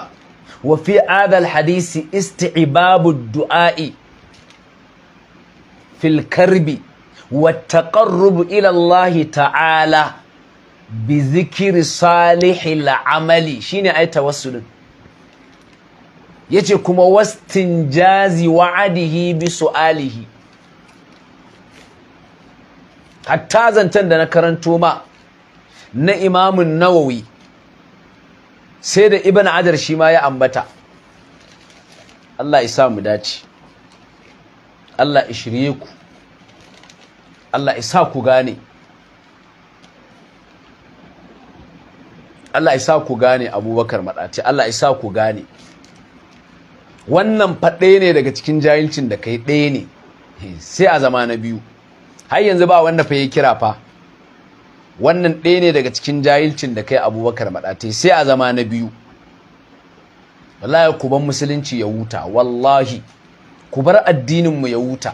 wa fi adal hadisi isti'babu du'a'i fil karbi wa taqarrub ila Allah ta'ala bi zikiri salihil amali shine ai tawassulin yace kuma wastinjazi wa'adihi bi alihi hatta zancen da na karanto ma na imamun nawawi sai da ibn adar shi ma ya ambata Allah isa mu dace Allah ishirye ku Allah isa ku gane Allah isa ku gane abubakar maɗaci Allah isa ku gane wannan faɗe ne daga cikin jahilcin da kai ɗaya ne sai a zama na biyu har yanzu ba wanda fa ya kira fa wannan ɗaya ne daga cikin jahilcin da kai abubakar maɗaci sai a zama na biyu wallahi ku bar musulunci ya wuta wallahi ku bar addininmu ya wuta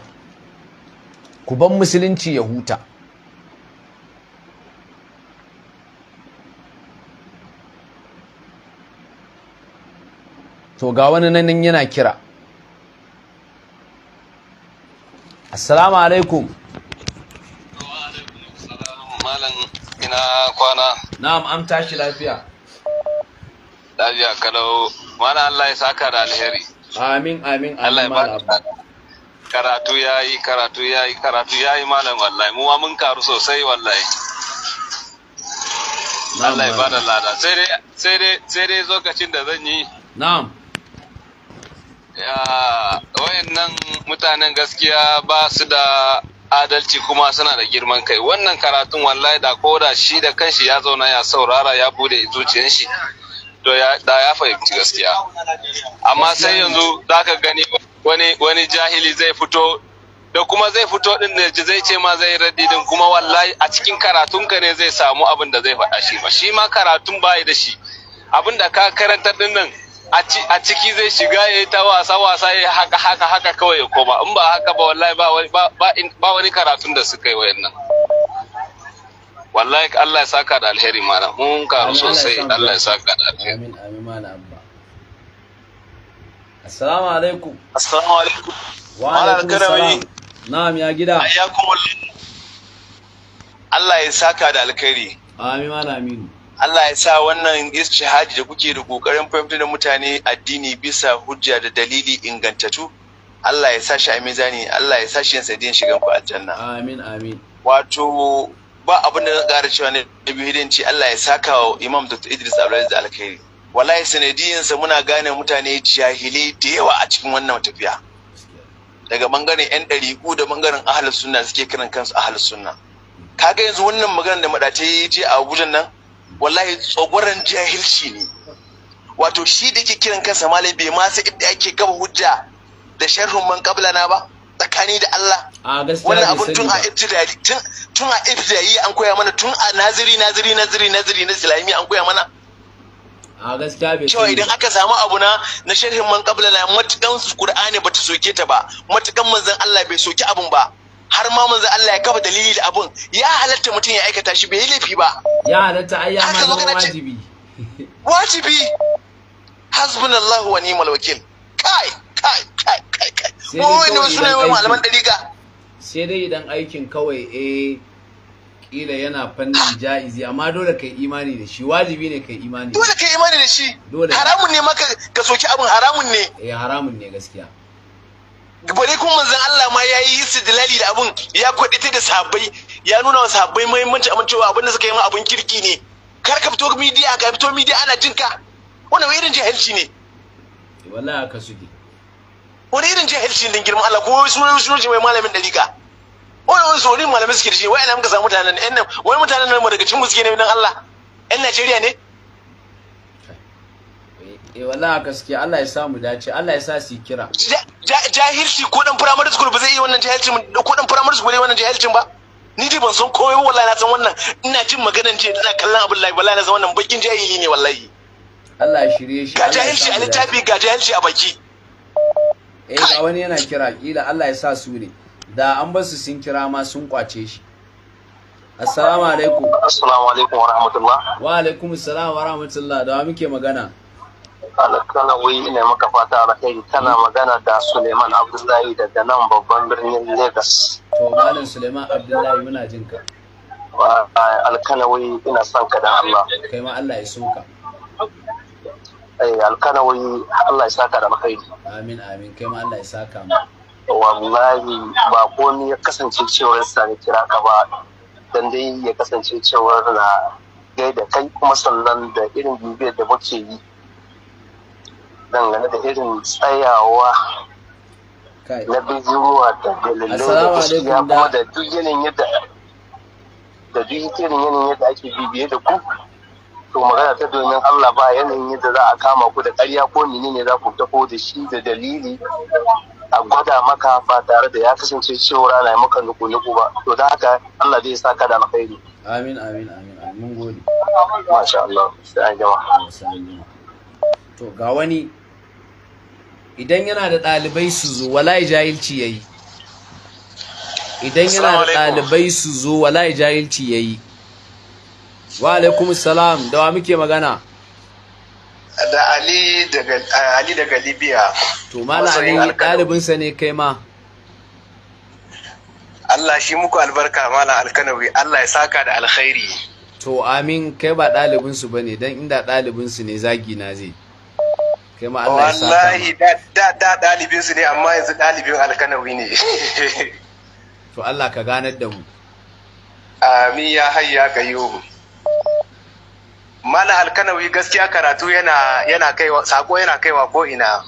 ku bar musulunci ya huta to ga wani nan yana kira assalamu alaikum malam ina kwana na'am an tashi lafiya lafiya kalau mana Allah ya saka da alheri amin amin Allah ya baka karatu yi. karatu ya yi. karatu ya yi malam wallahi mu mun karu sosai wallahi Allah ya bada lada sai dai sai dai sai lokacin da zan yi na'am wayannan mutanen gaskiya ba su da adalci kuma suna da girman kai wannan karatun wallahi da ko da shi da kanshi ya zauna ya saurara ya bude zuciyar shi to da ya fahimci gaskiya amma sai yanzu zaka gani wani wani jahili zai fito da kuma zai fito din da zai ce ma zai raddi din kuma wallahi a cikin karatun ka ne zai samu abin da zai faɗa shi ba shi ma karatun bai da shi abin da ka karanta din nan a ciki zai shiga ya ta wasa wasa ya haka haka haka kawai ya koma in ba haka ba wallahi ba wani karatun da suka yi wayannan wallahi Allah ya saka da alheri mana mun karu sosai Allah ya saka da alheri amin amin malam abba assalamu alaikum assalamu alaikum wa alaikum assalam na'am ya gida ayyakum Allah ya saka da alheri amin malam amin Allah ya sa wannan istihadi da kuke da kokarin fahimtar da mutane addini bisa hujja da dalili ingantattu Allah ya sa shi a mizani Allah ya sa shi yansa din shigan ku aljanna amin amin wato ba abin da ƙara cewa ne da bihidanci Allah ya saka wa Imam Dr. Idris Abdulaziz da alkhairi wallahi sanadiyansa muna gane mutane jahilai da yawa a cikin wannan tafiya daga bangaren yan ɗariku da bangaren ahlus sunna suke kiran kansu ahlus sunna kaga yanzu wannan maganar da madace ya je a Abuja nan wallahi tsogoran jahilci ne wato shi da ke kiran kansa malai bai ma sai inda ake gaba hujja da sharhun man kabla na ba tsakani da Allah wannan abun tun a ibtidai tun a ibtidai an koya mana tun a naziri naziri naziri naziri na islami an koya mana a gaskiya bai cewa idan aka samu abu na na sharhin man kabla na matukan qur'ani bata soke ta ba matukan manzon Allah bai soki abun ba har ma manzo Allah ya kafa dalili da abun ya halatta mutum ya aikata shi bai yi laifi ba ya halatta ai ya ma wajibi [LAUGHS] wajibi hasbunallahu wa ni'mal wakil kai kai kai kai kai mu ne wasu wai malaman dariga sai dai idan aikin kawai eh kila yana fannin ja'izi amma dole kai imani da shi wajibi ne kai imani dole kai imani da shi haramun ne maka ka soki abin haramun ne eh haramun ne gaskiya bare kuma manzon Allah ma yayi dalali da abun ya kwadita da sabai ya nuna wa sahabbai muhimmanci amincewa abin da suka yi ma abun kirki ne kar ka fito media ka fito media ana jin ka wannan irin jahilci ne wallahi ka suke wani irin jahilci ne girman Allah ko sunan sunan shi mai malamin dalika wani wani sori malamin suke da shi wai ina muka samu mutanen nan wai mutanen nan mu daga cikin muske ne nan Allah Ƴan Najeriya ne eh wallahi gaskiya Allah ya sa mu dace Allah ya sa su kira jahilci ko dan primary school ba zai yi wannan jahilcin ko dan primary school ne wannan jahilcin ba ni dai ban san koyo wallahi na san wannan ina jin maganan ce ina kallon abin live wallahi na san wannan bakin jahili ne wallahi Allah ya shirye shi ga jahilci a littafi ga jahilci a baki eh ga wani yana kira kila Allah ya sa su ne da an basu sun kira ma sun kwace shi assalamu alaikum assalamu alaikum wa rahmatullah wa alaikum assalam wa rahmatullah da muke magana wai ne maka fata alkhairi kana magana da suleiman abdullahi daga nan babban birnin lagos to malam suleiman abdullahi muna jin ka wai ina son ka da allah kai ma allah ya so ka eh, wai allah ya saka da alkhairi amin amin kai ma allah ya saka Wa wallahi ba komai ya kasance cewar sami kira ka ba dan dai ya kasance cewar na gaida kai kuma sannan da irin bibiyar da muke yi dangane da irin tsayawa na bijiruwa da dalilai da kuma da duk yanayin yadda da yanayin yadda ake bibiye da ku to magana ta domin Allah ba yanayin yadda za a kama ku da ƙarya ko menene za ku taho da shi da dalili a gwada maka ba tare da ya kasance cewa ya maka nuku nuku ba to da haka Allah zai saka da alkhairi amin amin amin amin gode masha Allah sai an gama. to ga wani idan yana da ɗalibai su zo walai jahilci yi idan yana da ɗalibai su zo walai jahilci yi wa alaikum salam da wa muke magana da ali daga libya to mala ali ɗalibinsa ne kai ma Allah shi muku albarka mala alkanawi Allah ya saka da alkhairi to amin kai ba ɗalibinsu ba ne, don inda ɗalibin ne zagi na zai kai ma Allah ya saka wallahi da da dalibin su ne amma yanzu dalibin alkanawi ne [LAUGHS] to Allah ka ganar da mu amin ya hayya yo mala alkanawi gaskiya karatu yana yana kaiwa sako yana kaiwa ko ina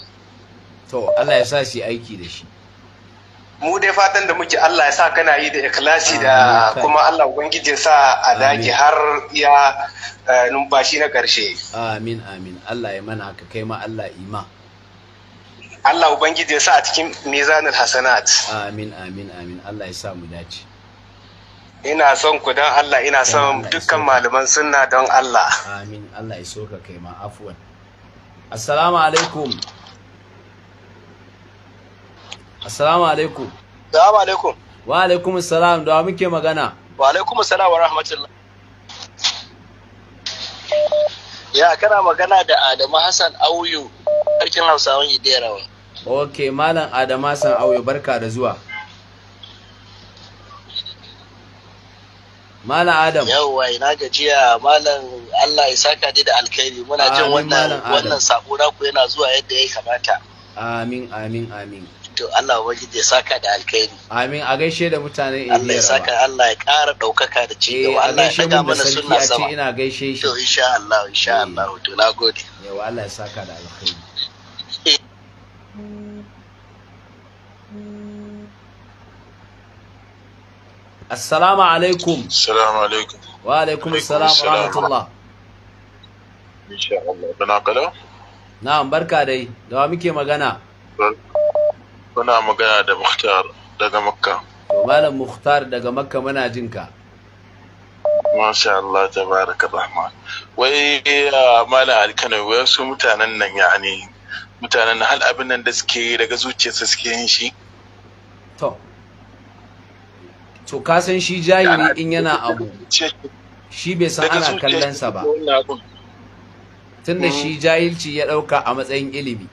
to Allah ya sa shi aiki da shi mu dai fatan da muke Allah ya sa kana yi da ikhlasi da kuma Allah ubangiji sa a dage har ya eh, numfashi na karshe amin amin Allah ya mana haka kai ma Allah ima Allah ubangiji sa a cikin mizanul hasanat amin amin amin Allah ya sa mu dace ina son ku don Allah ina son dukkan malaman sunna don Allah amin Allah ya soka kai ma afwan assalamu alaikum Assalamu alaikum. Assalamu alaikum. Wa alaikum salam da muke magana. Wa alaikum salam wa rahmatullah. Ya kana magana da Adamu Hassan Auyu sarkin Hausawan Iderawa. Ok, Malam Adamu Hassan Auyu barka da zuwa. Malam Adam. Yawwa ina gajiya Malam Allah ya saka ni da alkhairi muna jin wannan wannan sako ku yana zuwa yadda ya kamata. Amin amin amin. to Allah waje ya saka da alkhairi amin a gaishe da mutanen Iliyar Allah ya saka Allah ya ƙara ɗaukaka da ci gaba eh, Allah ya saka mana sunna sama ina gaishe shi to insha Allah insha eh. Allah to nagode yawa Allah ya saka da alkhairi Assalamu alaikum. Assalamu alaikum. Wa alaikum assalam wa rahmatullah. Insha Allah. Kana kala? Na'am barka dai. Da wa muke magana? Barka. Kuna magana da Mukhtar daga Makka. Malam Mukhtar daga Makka muna jin ka. Masha Allah ta baraka rahman. Wai malam Alkano wai su mutanen nan ya ne mutanen hal abin nan da suke yi daga zuciyarsa suke yin shi. To. To ka san shi ne in yana abu. Shi bai san ana kallon sa ba. Tunda shi hmm. jahilci ya ɗauka a matsayin ilimi.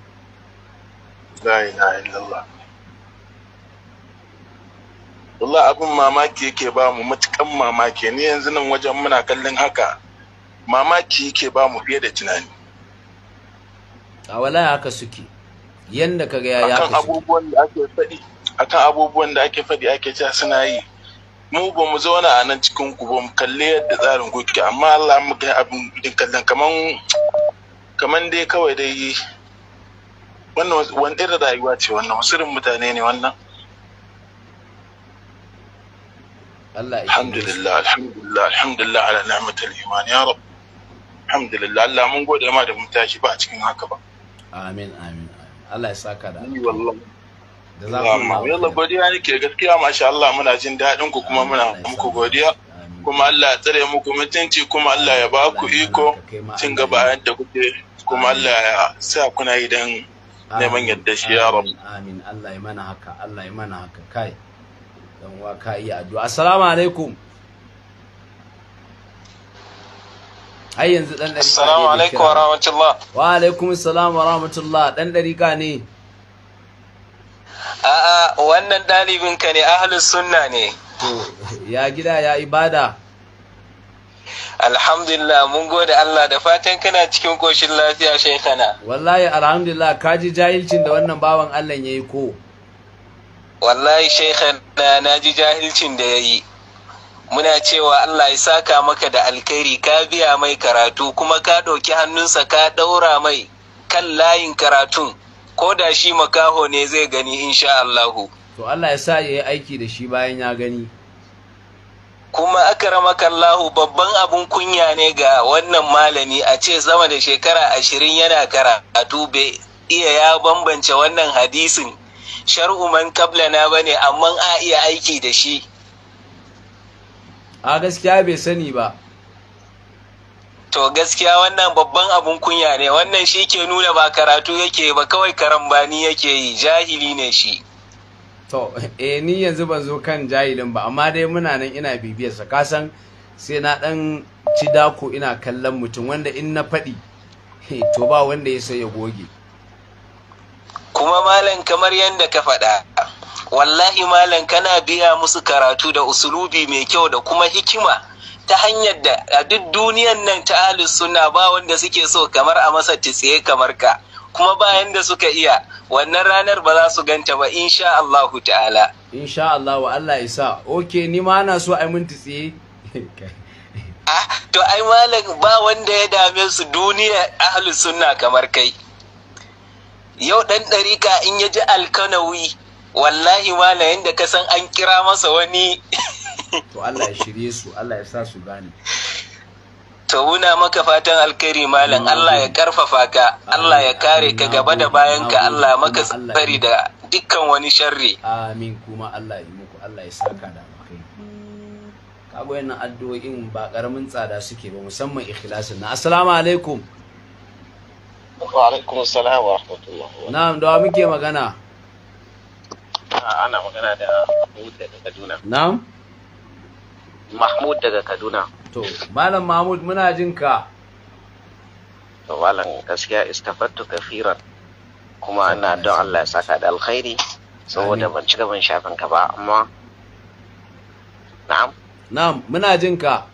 la ilaha illallah Allah abin mamaki yake ba mu matukan mamaki ni yanzu nan wajen muna kallon haka mamaki yake ba mu fiye da tunani a wala haka suke yanda ka ga ya haka abubuwan da ake fadi akan abubuwan da ake faɗi ake cewa suna yi mu ba mu zauna a nan cikin ku ba mu kalle yadda tsarin ku amma Allah mu ga abin din kallon kaman kaman dai kawai dai wannan wani irin rayuwa ce wannan wasu irin mutane ne wannan alhamdulillah alhamdulillah alhamdulillah ala ni'matul iman ya rab alhamdulillah Allah mun gode ma da mun tashi ba a cikin haka ba amin amin Allah ya saka da ni wallahi da yalla godiya nake gaskiya masha Allah muna jin daɗin ku kuma muna muku godiya kuma Allah ya tsare muku mutunci kuma Allah ya ba ku iko cin gaba yadda kuke kuma Allah ya sa kuna yi dan neman yadda shi ya rabu amin Allah ya mana haka Allah ya mana haka kai dan wa ka yi addu'a assalamu alaikum ai yanzu dan dari assalamu alaikum wa rahmatullah wa alaikum assalam wa rahmatullah dan dari ka ne a'a wannan dalibin ka ne ahlus sunna ne ya gida ya ibada alhamdulillah mun gode Allah da fatan kana cikin koshin lafiya shekana wallahi alhamdulillah kaji jahilcin da wannan bawan Allah ya yi, ko wallahi shekana na ji jahilcin da ya yi. muna cewa Allah ya saka maka da alkhairi ka biya mai karatu kuma ka ɗauki hannunsa ka ɗaura mai kan layin karatun ko da shi makaho ne zai gani insha Allahu to Allah ya sa ya yi aiki da shi bayan ya gani kuma aka Lahu babban abun kunya ne ga wannan malami a ce sama da shekara ashirin yana karatu be iya ya bambance wannan hadisin shar'u man na ba ne amma a iya aiki da shi a gaskiya bai sani ba to gaskiya wannan babban abun kunya ne wannan shi ke nuna ba karatu yake ba kawai karambani yake yi jahili ne shi to eh ni yanzu ban zo kan jahilin ba amma dai muna nan ina bibiyar sa kasan sai na dan ci dako ina kallon mutum wanda in na faɗi to ba wanda ya sai ya goge kuma malam kamar yadda ka faɗa wallahi malam kana biya musu karatu da usulubi mai kyau da kuma hikima ta hanyar da a duk duniyan nan ta suna ba wanda suke so kamar a masa tsaye kamar ka kuma bayan da suka iya wannan ranar ba za su ganta ba insha Allah ta'ala insha Allah wa Allah isa okay ni ma ana so ai minti tsiye [LAUGHS] ah to ai malam ba wanda ya dame su duniya ahli sunna kamar kai yau dan ɗarika in ya ji alkanawi wallahi malayin yadda ka san an kira masa wani to Allah ya shirye su Allah ya sa su gane [LAUGHS] To muna maka fatan alkari malam Allah ya karfafa ka, Allah ya kare ka gaba da bayan ka, Allah maka tsari da dukkan wani sharri. Amin kuma Allah ya muku, Allah ya saka da alkhairi. Kago yana addu'o'in ba karamin tsada suke ba musamman ikhlasi na. Assalamu alaikum. Wa alaikum assalam wa rahmatullah. Na'am, da muke magana? Ah, ana magana da Mahmud daga Kaduna. Na'am. Mahmud daga Kaduna. to malam mahmud muna jin ka to malam gaskiya istafattu kafiran kuma ina don Allah ya saka da alkhairi saboda ban cika ban shafin ka ba amma na'am na'am muna jin ka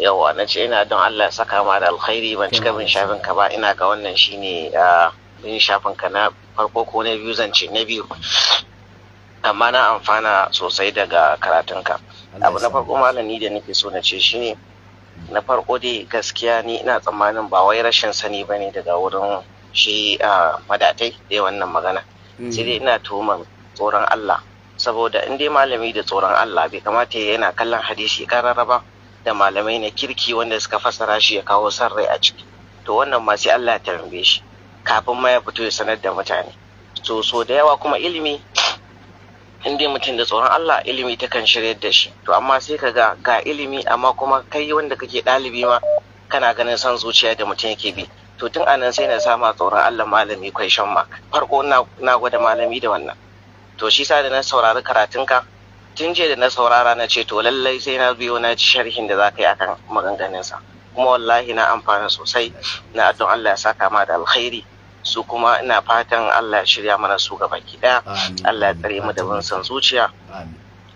yawa na ce ina don Allah ya saka ma da alkhairi ban cika ban shafin ka ba ina ga wannan shine ah, bin shafin ka na farko ko na biyu zance na biyu amma na amfana sosai daga karatunka abu na farko malami da nake so na ce shine na farko dai gaskiya ni ina tsammanin ba wai rashin sani ba ne daga wurin shi madatai da wannan magana mm. sai dai ina tuhumar tsoron Allah saboda in dai malami da tsoron Allah bai kamata yana kallon hadisi kararraba da malamai na kirki wanda suka fassara shi ya kawo san rai a ciki to wannan ma sai Allah ya tarbe shi kafin ma ya fito ya sanar da mutane so so da yawa kuma ilimi in dai mutum da tsoron Allah ilimi takan shiryar da shi to amma sai ka ga ga ilimi amma kuma kai wanda kake ɗalibi ma kana ganin son zuciya da mutum yake bi to tun anan sai na sama tsoron Allah malami kwai shan ma farko na gwada malami da wannan to shi sa da na saurari karatunka tun jiya da na saurara na ce to lallai sai na biyo na ci sharhin da za ka yi akan maganganunsa kuma wallahi na amfana sosai na addu'an Allah ya saka ma da alkhairi su kuma ina fatan Allah shirya mana su gaba ɗaya Allah tsare mu da bin san zuciya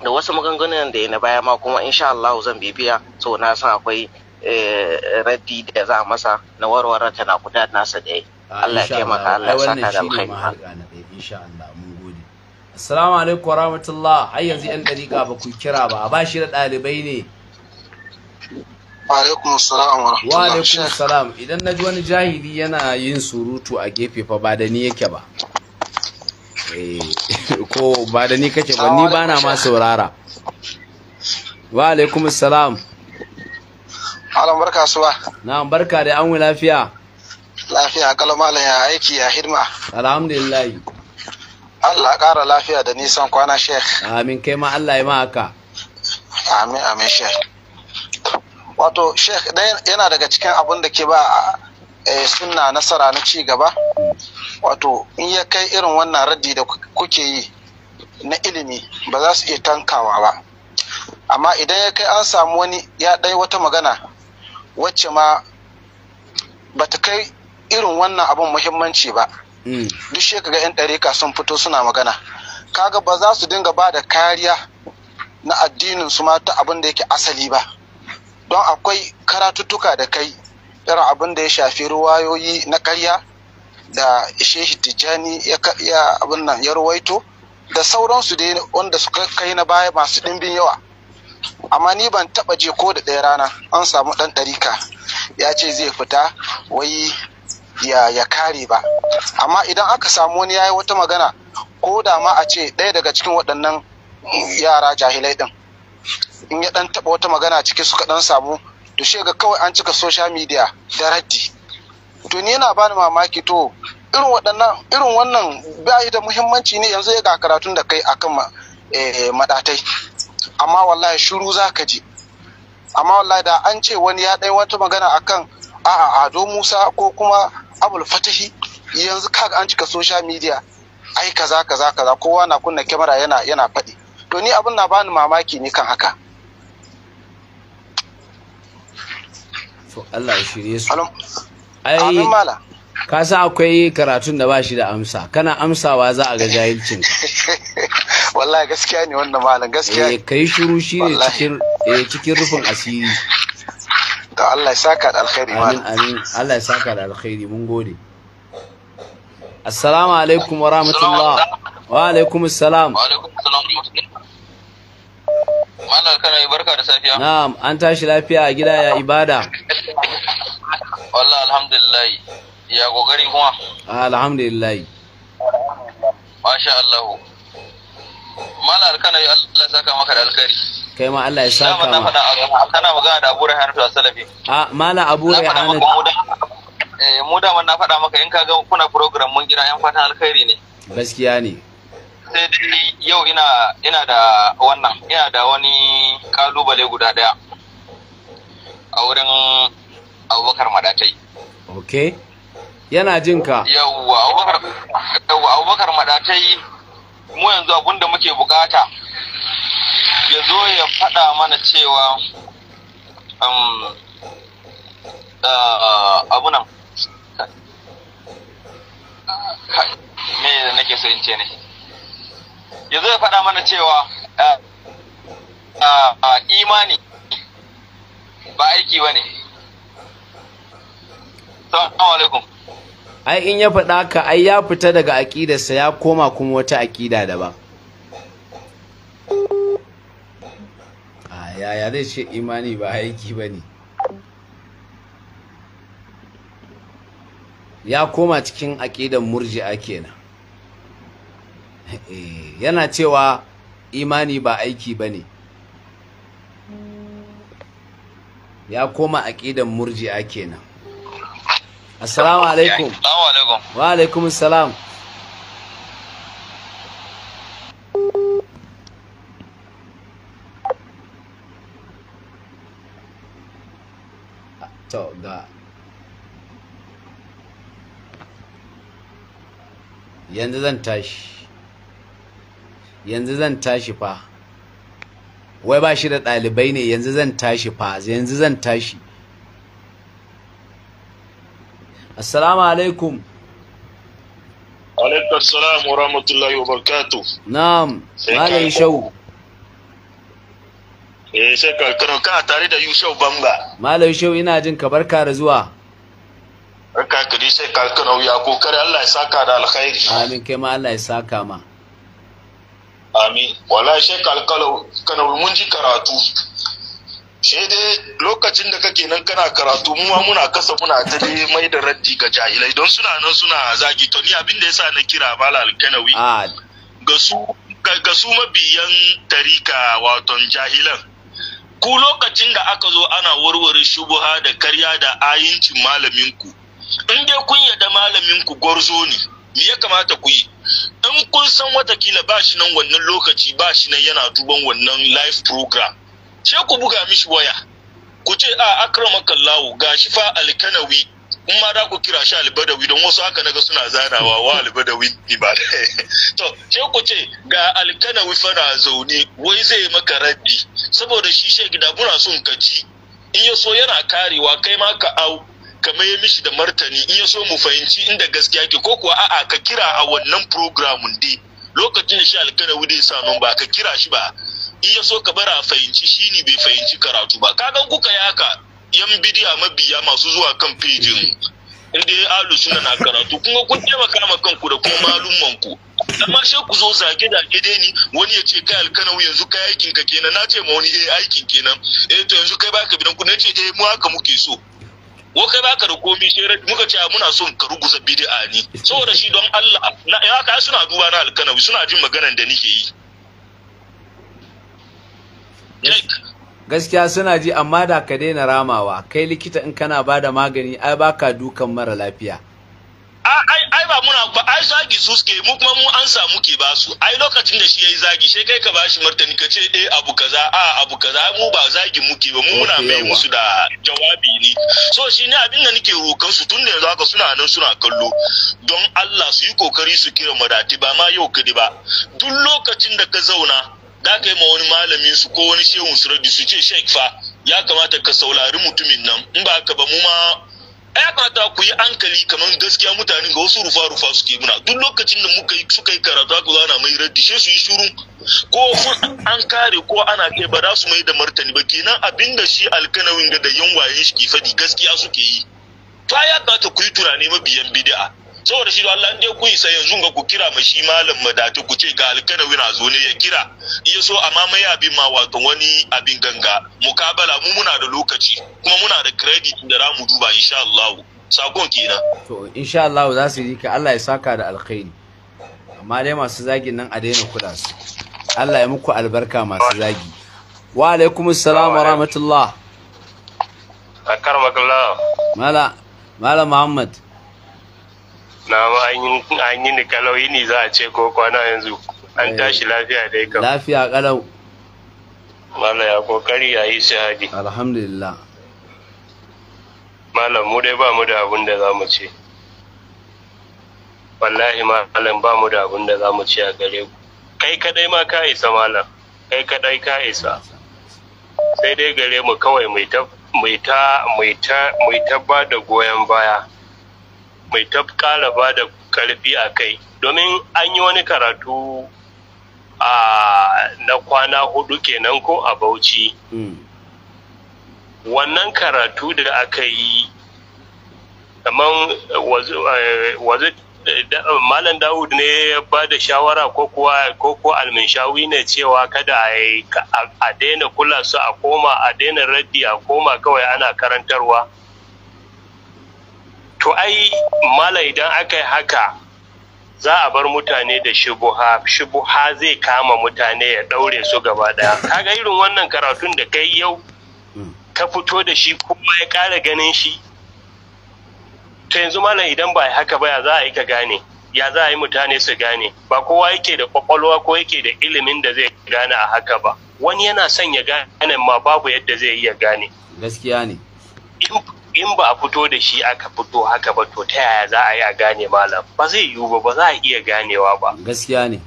da wasu maganganun da ya na baya ma kuma insha Allah zan bibiya so na san akwai eh, raddi da za a masa na warware ta na guda nasa da yi ah, Allah ya taimaka Allah ya saka da alkhairi insha Allah mun gode assalamu alaikum warahmatullahi har yanzu yan ɗarika ba ku kira ba a bashi da ɗalibai ne alaikum salam wa rahmatullah alaikum salam idan na ji wani jahili yana yin surutu a gefe fa ba da ni yake ba eh, [LAUGHS] ko ba da ni kake ba ni bana ma saurara wa alaikum salam Malam barka suwa. Na'am barka da an lafiya. Lafiya kalau malam ya aiki ya hidima. Alhamdulillah. Allah ƙara lafiya da nisan kwana Sheikh. Amin kai ma Allah ya ma haka. Amin amin Sheikh. wato sheikh yana daga cikin abin da ke ba eh, suna nasara na ci gaba wato in ya kai irin wannan raddi da kuke yi na ilimi ba za su iya tankawa ba amma idan ya kai an samu wani ya ɗai wata magana wacce ma ba ta kai irin wannan abin muhimmanci ba mm. duk shekaga 'yan ɗarika sun fito suna magana kaga ba za su dinga ba da kariya na addinin su ma ta abin da yake asali ba don akwai karatuttuka da kai irin abin da ya shafi ruwayoyi na karya da shehi tijjani ya abin nan ya ruwaito da sauransu dai wanda suka kai na baya masu ɗimbin yawa amma ni ban taba je ko da ɗaya rana an samu ɗan ɗarika ya ce zai fita wai ya, kare ba amma idan aka samu wani ya yi wata magana ko da ma a ce ɗaya daga cikin waɗannan yara jahilai ɗin in ya dan taba wata magana ciki suka dan samu to shi ga kawai an cika social media da raddi to ni yana bani mamaki to irin waɗannan irin wannan bayi da muhimmanci ne yanzu ya ga karatun da kai akan madatai eh, amma wallahi shiru za ka ji amma wallahi da an ce wani ya ɗai wata magana akan a'a ado musa ko kuma abul fatahi yanzu kaga an cika social media ai kaza kaza kaza kowa na kunna kyamara yana yana faɗi to ni abin na bani mamaki ne kan haka to Allah ya shirye su ai ka san akwai karatun da ba shi da amsa kana amsawa za a ga jahilcin [LAUGHS] wallahi gaskiya ne wannan malam gaskiya eh kai shiru shi ne cikin eh cikin rufin asiri to Allah ya saka da alkhairi malam amin Allah ya saka da alkhairi mun gode assalamu alaikum wa rahmatullah wa alaikum salam wa salam kana yi barka da safiya na'am an tashi lafiya a gida ya ibada wallahi alhamdulillah ya gogari kuma ah, alhamdulillah masha Allah mallar kana yi Allah saka maka da alkhairi kai ma Allah ya saka ma kana magana da Abu Rahman da salafi a ah, mallar Abu Eh, mu da na faɗa maka in ka ga kuna program mun gina yan fatan alkhairi ne gaskiya ne sai eh, dai yau ina ina da wannan ina da wani kalubale guda daya a wurin abubakar madatai ok yana jin ka yawwa abubakar madatai mu yanzu abinda muke bukata ya zo ya faɗa mana cewa um, uh, abunan me nake so in ce ne yanzu ya faɗa mana cewa imani ba aiki ba ne alaikum ai in ya faɗa ka ai ya fita daga aƙidarsa ya koma kuma wata aƙida daban yaya zai ce imani ba aiki ba ne ya koma cikin aƙidan murji'a kenan Eh, yana cewa imani ba aiki ba ne ya koma aƙidan murji'a kenan assalamu alaikum wa alaikum salam yanzu zan tashi yanzu zan tashi fa wai ba shi da ɗalibai ne yanzu zan tashi fa yanzu zan tashi assalamu alaikum alaikum assalam wa rahmatullahi wa barakatu na'am malam shau eh sai ka karo ka tare da yushau bamba malam shau ina jin ka barka da zuwa barka ka dai sai ka ya kokari Allah ya saka da alkhairi amin kai ma Allah ya saka ma amin wala shi alkalau mun ji karatu sai dai lokacin da kake nan kana karatu muwa muna kasa muna ta dai mai da raddi ga jahilai don suna nan suna zagi to ni abin da yasa na kira bala alkanawi ah. ga su ga su mabiyan tarika wato jahilan ku lokacin da aka zo ana warware shubuha da karya da ayincin malaminku in dai kun yada malaminku gwarzo ne me ya kamata ku yi in kun san watakila ba shi nan wannan lokaci ba shi nan yana duban wannan live program ce ku buga mishi waya ku ce a ga shi fa alkanawi in ma da ku kira shi albadawi don wasu haka naga suna zanawa wa albadawi ne ba [LAUGHS] to ce ku ce ga alkanawi na zaune wai zai maka rabbi saboda shi shi gida muna son ka ci in ya so yana karewa kai ma ka au ka ya mishi da martani in ya so mu fahimci inda gaskiya ke ko kuwa a'a ka kira a wannan programun dai lokacin da shi alkana wude ya nan ba ka kira shi ba in ya so ka bara fahimci shi ne bai fahimci karatu ba Ka gan kuka yaka yan bidiya mabiya masu zuwa kan pejin inda ya alu suna na karatu kuma kun taimaka ma kanku da kuma malumman ku amma shi ku zo zage zage dai ni wani ya ce kai alkana yanzu kai aikin ka kenan na ce ma wani eh aikin kenan eh to yanzu kai baka bidan ku na ce eh mu haka muke so ko kai baka da komi sai muka ce muna son ka ruguza bid'a ni saboda shi don Allah na ya ka suna duba na alkanawi suna jin maganar da nake yi gaskiya suna ji amma da ka daina ramawa kai likita in kana bada magani ai baka dukan mara lafiya ai ai ba muna ba ai zagi su suke mu kuma mu an samu ke ba su ai lokacin da shi yayi zagi sai kai ka bashi martani ka ce eh abu kaza a abu kaza mu ba zagi muke ba mu muna mai musu da jawabi ne so shi ne abin da nake rokan su tun da yanzu haka suna nan suna kallo don Allah su yi kokari su kira madati ba ma yau kadi ba duk lokacin da ka zauna da ka yi ma wani malamin su ko wani shehu su radi su ce sheik fa ya kamata ka saurari mutumin nan in ba ka ba mu ma ya kamata ku yi hankali kamar gaskiya mutane ga wasu rufa-rufa suke muna duk lokacin da muka yi suka yi karatu aka zana mai raddi sai su yi shuru ko an kare ko ana kai ba za su mai da martani ba kenan abinda shi alkanawin ga da yan waye shi ke fadi gaskiya suke yi ta ya kamata ku yi tunani mabiyan bid'a saboda shi Allah in dai ku isa yanzu ga ku kira mai shi malam madatu ku ce ga alkana wina zo ne ya kira iya so amma mai abin ma wato wani abin ganga mukabala mu muna da lokaci kuma muna da credit da za mu duba insha Allah sakon kenan to insha Allah za su yi ka Allah ya saka da alkhairi amma dai masu zagin nan a daina kula su Allah ya muku albarka masu zagi wa alaikum salam wa rahmatullah akar makallah mala mala muhammad na ma an yi ni kalau yini za a ce ko kwana yanzu an eh. tashi lafiya dai kam lafiya kalau mala ya kokari ya yi shahadi alhamdulillah malam mu dai ba mu da abun da za mu ce wallahi malam ba mu da abun da za mu ce a gare ku kai kadai ma ka isa malam kai kadai ka isa sai dai gare mu kawai mai ta mai ta mai ta ba da goyon baya mai ta ba da karfi a kai domin an yi wani karatu a na kwana hudu kenan ko a bauchi hmm. wannan karatu da aka yi kamar wazi eh, malam dawud ne ya ba da shawara ko kuwa ko alminshawi ne cewa kada a daina kula su a koma a daina raddi a koma kawai ana karantarwa to ai mala idan aka yi haka za a bar mutane da shubuha shubuha zai kama mutane ya daure su gaba daya kaga irin wannan karatun da kai yau hmm. ka fito da shi kuma ya ƙara ganin shi to yanzu malam idan ba haka ba ya za a yi ka gane ya za a yi mutane su gane ba kowa yake da kwakwalwa ko yake da ilimin da zai gane a haka ba wani yana son ya gane ma babu yadda zai iya gane gaskiya ne in ba a fito da shi aka fito haka ba to ta yaya za a yi a gane malam ba zai yiwu ba ba za a iya ganewa ba gaskiya ne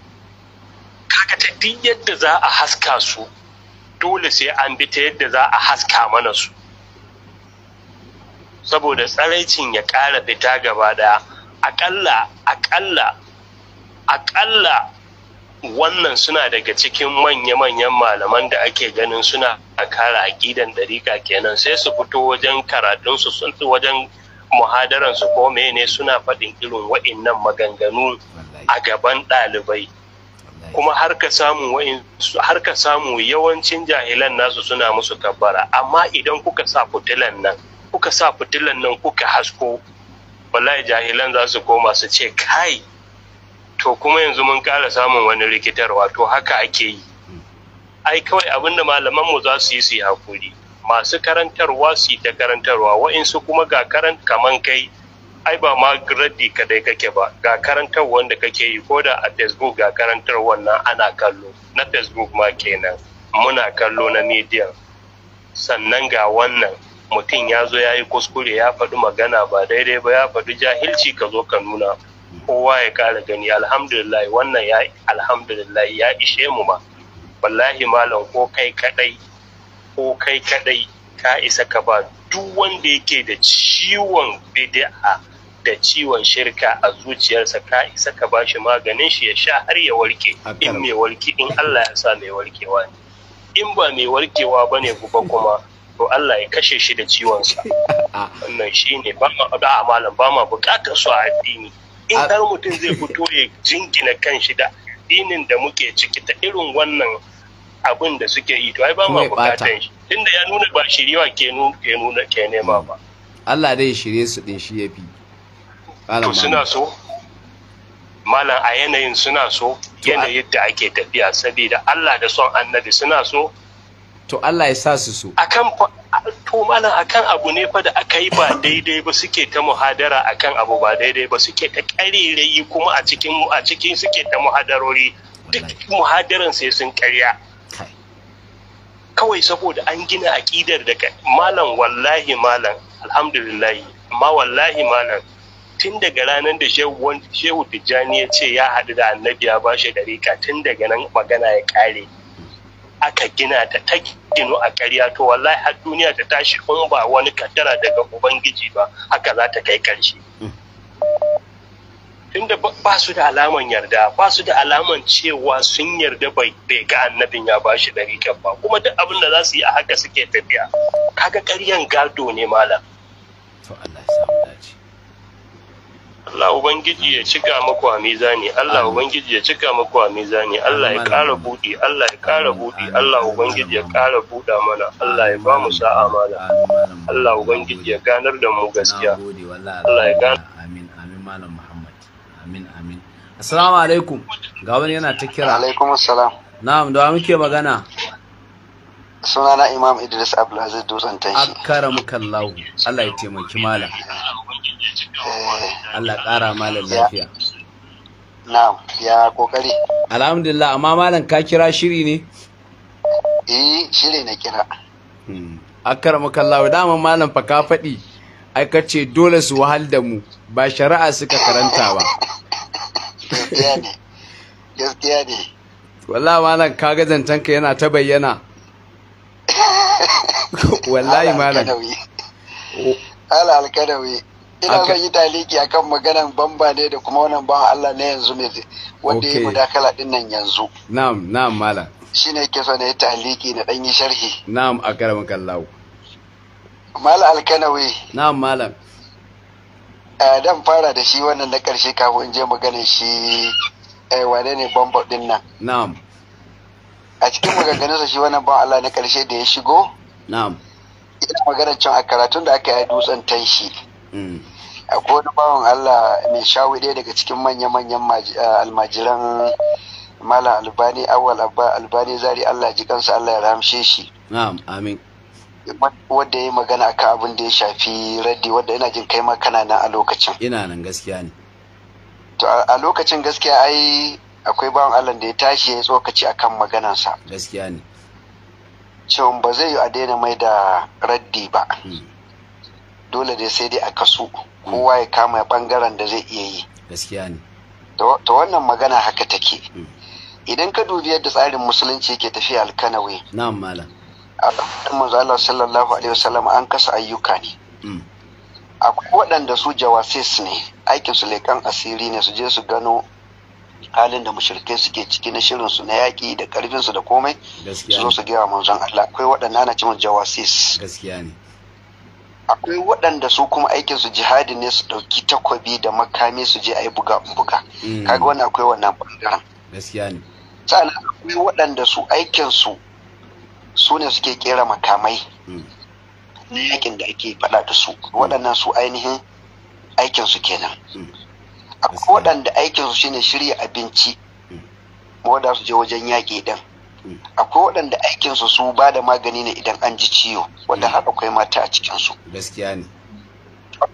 kaka ta duk yadda za a haska su dole sai an bi ta yadda za a haska mana su saboda tsaraicin ya ƙara fita gaba ɗaya akalla akalla akalla wannan suna daga cikin manya-manyan malaman da ake ganin suna a kara aƙidan ɗariƙa kenan sai su fito wajen karatunsu sun fi wajen muhadaransu ko mene suna faɗin irin wa'innan maganganu a gaban ɗalibai kuma har ka samu yawancin jahilan nasu suna musu kabbara amma idan kuka sa fitilan nan kuka sa fitilan nan kuka hasko wallahi jahilan za su koma su ce kai to kuma yanzu mun ƙara samun wani rikitar wato haka ake yi ai kawai abinda malaman mu za su yi su hakuri masu karantarwa su yi ta karantarwa wa'insu kuma ga karant kaman kai ai ba ma raddi kadai kake ba ga karantar wanda kake yi ko da a facebook ga karantar wannan ana kallo na facebook ma kenan muna kallo na media sannan ga wannan mutum ya zo ya yi kuskure ya faɗi magana ba daidai ba ya faɗi jahilci ka zo ka nuna kowa ya kara gani alhamdulillah wannan ya alhamdulillah ya ishe mu ma wallahi malam ko kai kadai ko kai kadai ka isa ka ba duk wanda yake da ciwon bid'a da ciwon shirka a zuciyarsa ka isa ka ba shi maganin shi ya sha har ya warke in mai warke in Allah ya sa mai warkewa ne in ba mai warkewa bane gobe kuma to Allah ya kashe shi da ciwon sa [LAUGHS] wannan shine ba ma ba ma bukatar su a addini in har mutum zai fito ya jingina kan shi da addinin da muke ciki ta irin wannan abin da suke yi to ai ba ma bukatan shi tunda ya nuna ba shiriwa ke nuna ke nema hmm. ba Allah dai shirye su din shi yafi to suna so malam a yanayin suna so yanayin da ake tafiya saboda Allah da son annabi suna so to Allah ya sa su so akan to akan abu ne fa da aka yi ba daidai ba suke ta muhadara akan abu ba daidai ba suke ta karerayi kuma a cikin a cikin suke ta muhadarori duk muhadaran sai sun karya kawai saboda an gina aƙidar daga malam wallahi malam alhamdulillahi ma wallahi malam tun daga ranar da shehu tijjani ya ce ya haɗu da annabi ya ba shi ka tun daga nan magana ya ƙare aka gina ta ta ginu a ƙarya to wallahi har duniya ta tashi in ba wani kaddara daga ubangiji ba haka za ta kai ƙarshe tunda ba su da alaman yarda ba su da alaman cewa sun yarda bai ga annabin ya ba shi ɗariƙar ba kuma duk abin da za su yi a haka suke tafiya kaga ƙaryan gado ne malam to Allah ya samu dace Allah Ubangiji ya cika muku a mizani, Allah Ubangiji ya cika muku a mizani, Allah ya ƙara buɗi, Allah ya ƙara buɗi, Allah Ubangiji ya ƙara buɗa mana, Allah ya ba mu sa'a mana, Allah Ubangiji ya ganar da mu gaskiya. Allah ya ganar. Amin, amin, Malam Muhammad. Amin, amin. Assalamu alaikum. Ga wani yana ta kira. Alaikum assalam. Na'am, da muke magana. Sunana Imam Idris Abdulaziz Dutsen Tanshi. Akkaramukallahu. Allah ya taimaki malam. Allah ƙara malam lafiya Na, ya kokari alhamdulillah amma malam ka kira shiri ne eh shiri na kira akara wa dama malam fa ka faɗi ai ka ce dole su wahal da mu ba shari'a suka karanta ba gaskiya ne gaskiya ne wallahi malam ka ga tanka yana ta bayyana [LAUGHS] wallahi malam ala alkadawi ina zan yi taliki akan maganan bamba ne da kuma wannan ban Allah ne yanzu mai wanda ya yi mudakala din nan yanzu na'am na'am mala ne ke son na yi taliki na ɗan yi sharhi na'am a karamin kallahu mala alkanawi na'am malam dan fara da shi wannan na ƙarshe kafin in je maganin shi eh, wane ne bamba din nan na'am a cikin maganganunsa shi wannan ban Allah na ƙarshe da ya shigo na'am ina magana cin a karatun da aka yi dutsen tanshi mm. akwai wani bawan Allah mai shawi ɗaya daga cikin manya-manyan eh, almajiran Malam Albani Awal Abba Albani Zari Allah ji kansa Allah ya ramshe shi. Na'am amin. Wanda ya yi magana akan abin da ya shafi raddi wanda ina jin kai makana nan a lokacin. Ina nan gaskiya ne. To a lokacin gaskiya ai akwai bawan Allah da ya tashi ya tsokaci akan maganansa. Gaskiya ne. Cewa ba zai yi a daina mai da raddi ba. Hmm. Dole dai sai dai a kasu. kowa ya kama bangaren da zai iya yi gaskiya ne ta wannan magana haka take mm. idan ka dubi yadda tsarin musulunci yake tafiya alkanawe na'am malam manzo Allah sallallahu alaihi wasallam an kasa ayyuka ne mm. akwai waɗanda su jawasis ne aikin su leƙan asiri ne su je su gano halin da mushrikai suke ciki na shirin su na yaƙi da ƙarfin su da komai su zo su gaya manzon Allah akwai waɗanda ana cewa jawasis gaskiya ne akwai waɗanda su kuma aikin su jihadi ne su ɗauki takobi da makami su je a yi buga buga mm. kaga wani akwai wannan bangaren gaskiya ne akwai waɗanda su aikin su su ne suke kera makamai mm. na yakin da ake faɗa da su waɗannan su ainihin aikin su kenan mm. akwai waɗanda aikin su shine shirya abinci wanda su je wajen yaƙi din akwai waɗanda aikinsu su ba da magani ne idan an ji ciwo wanda har akwai mata a cikinsu gaskiya ne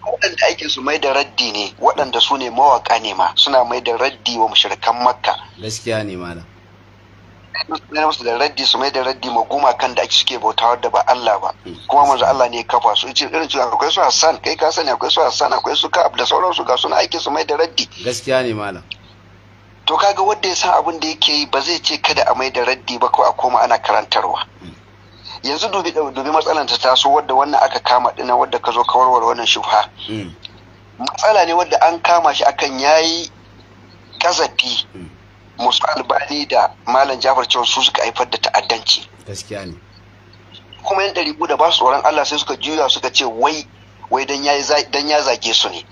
waɗanda aikinsu mai da raddi ne waɗanda su ne mawaka ne ma suna mai da raddi wa mashirkan makka gaskiya ne mana ne musu da raddi su mai da raddi ma kan da ake suke bauta da ba Allah ba hmm. kuma manzo Allah ne ya kafa su ce irin cewa akwai su Hassan kai ka sani akwai su Hassan akwai su Ka'ab da sauransu ga suna aikin su mai da raddi gaskiya ne malam to kaga wanda ya san abin da yake yi ba zai ce kada a mai da raddi ba ko a koma ana karantarwa yanzu dubi dubi matsalan ta taso wadda wannan aka kama dina wadda ka zo ka warware wannan shufa hmm. matsala ne wadda an kama shi akan yayi kazafi hmm. musu albani da malam jafar cewa su suka haifar da ta'addanci gaskiya ne kuma yan ɗari da ba su tsoron allah sai suka juya suka ce wai wai dan ya zage su ne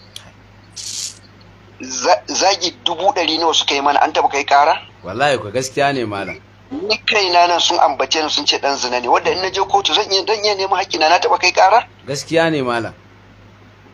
zagi dubu ɗari nawa suka yi mana an taɓa kai ƙara? wallahi ku gaskiya ne malam ni kaina nan sun ambace ni sun ce dan zina ne wanda in na je kotu zan iya dan iya neman haƙƙi na taɓa kai ƙara? gaskiya ne malam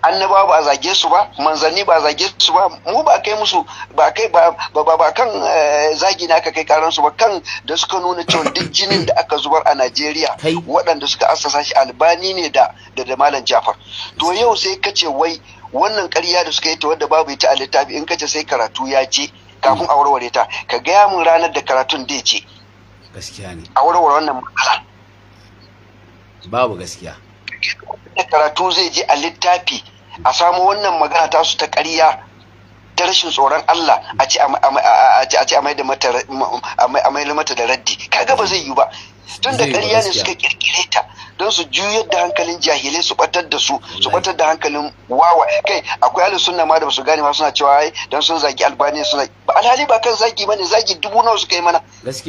annaba ba zage su ba manzanni ba zage su ba mu ba kai musu ba kai ba ba ba kan eh, zagi na aka kai karan su ba kan da suka nuna cewa duk jinin da aka zubar a Najeriya waɗanda suka assasa shi albani ne da da da malam Jafar to yau sai ka ce wai wannan ƙarya da suka yi ta wadda babu ita a littafi in kace sai karatu ya ce kafin a warware ta ka gaya mun ranar da karatun dai ce gaskiya ne a warware wannan matsala babu gaskiya da karatu zai je a littafi a samu wannan magana ta su ta ƙarya ta rashin tsoron Allah a ce a mai da mata da raddi kaga ba zai yi ba tun da ƙarya ne suka ƙirƙire ta don su juyar da hankalin jahilai su batar da su su batar da hankalin wawa kai akwai alu sunna ma da su gane ma suna cewa ai don sun zagi albani suna ba alhali ba kan zagi bane zagi dubu nawa suka yi mana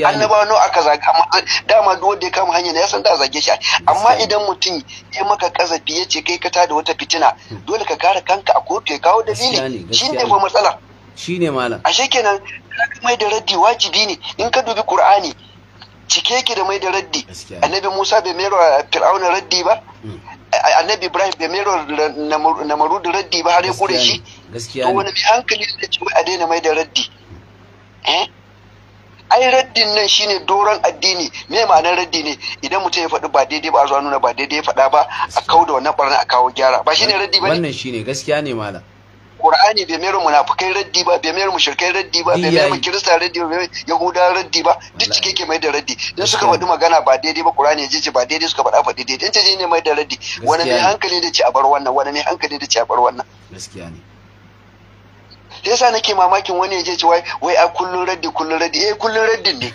annabawa nawa aka zaga amma dama duk wanda ya kama hanya ne ya san da zage shi amma idan mutum ya maka kazafi ya ce kai ka tada wata fitina hmm. dole ka kare kanka a kotu ya kawo dalili shine fa matsala shine malam ashe kenan mai da raddi wajibi ne in ka dubi qur'ani cike ki da mai da raddi annabi musa bai mero fir'auna raddi ba mm. annabi ibrahim bai mero namaru da raddi ba har ya kure shi to wani mai hankali da ce a daina mai da raddi eh? ai raddin nan shine doron addini me ma'anar raddi ne idan mutum ya faɗi ba daidai ba a zuwa nuna ba daidai ya faɗa ba a kawo da wannan barna a kawo gyara ba shine raddi ba ne wannan shine gaskiya ne malam Qur'ani bai mayar mu nafukai raddi ba bai mayar mu shirkai raddi ba bai mayar mu kirista raddi ba bai yahuda raddi ba duk cike ke mai da raddi in suka faɗi magana ba daidai ba Qur'ani ya ce ba daidai suka faɗa faɗi daidai in ce ne mai da raddi wani mai hankali da ce a bar wannan wani mai hankali da ce a bar wannan gaskiya ne sai yasa nake mamakin wani ya je ce wai wai a kullun raddi kullun raddi eh kullun raddin ne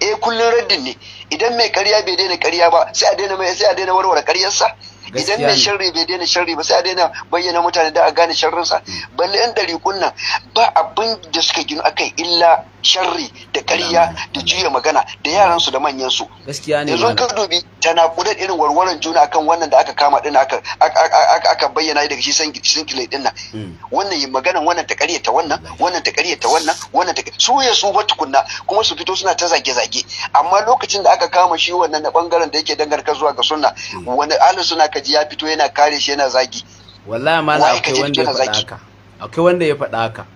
eh kullun raddin ne idan mai ƙarya bai daina ƙarya ba sai a daina mai sai a daina warware ƙaryarsa idan mai sharri bai daina sharri ba sai a daina bayyana mutane da a gane sharrinsa mm. balle yan ɗari kunna ba abin da suka ginu akai illa sharri da ƙarya da juya magana da yaran su da manyan su yanzu kan dubi tana kudan irin warwaran juna akan wannan da aka kama din aka aka bayyana daga shi san kile din nan hmm. wannan yin magana wannan ta ta wannan wannan ta ta wannan wannan ta su ya su ba tukunna kuma su fito suna ta zage zage amma lokacin da aka kama shi wannan na bangaren da yake dangarka zuwa ga sunna hmm. wani ahlus suna kaji ya fito yana kare shi yana zagi wallahi mala akwai wanda ya faɗa haka akwai wanda ya faɗa haka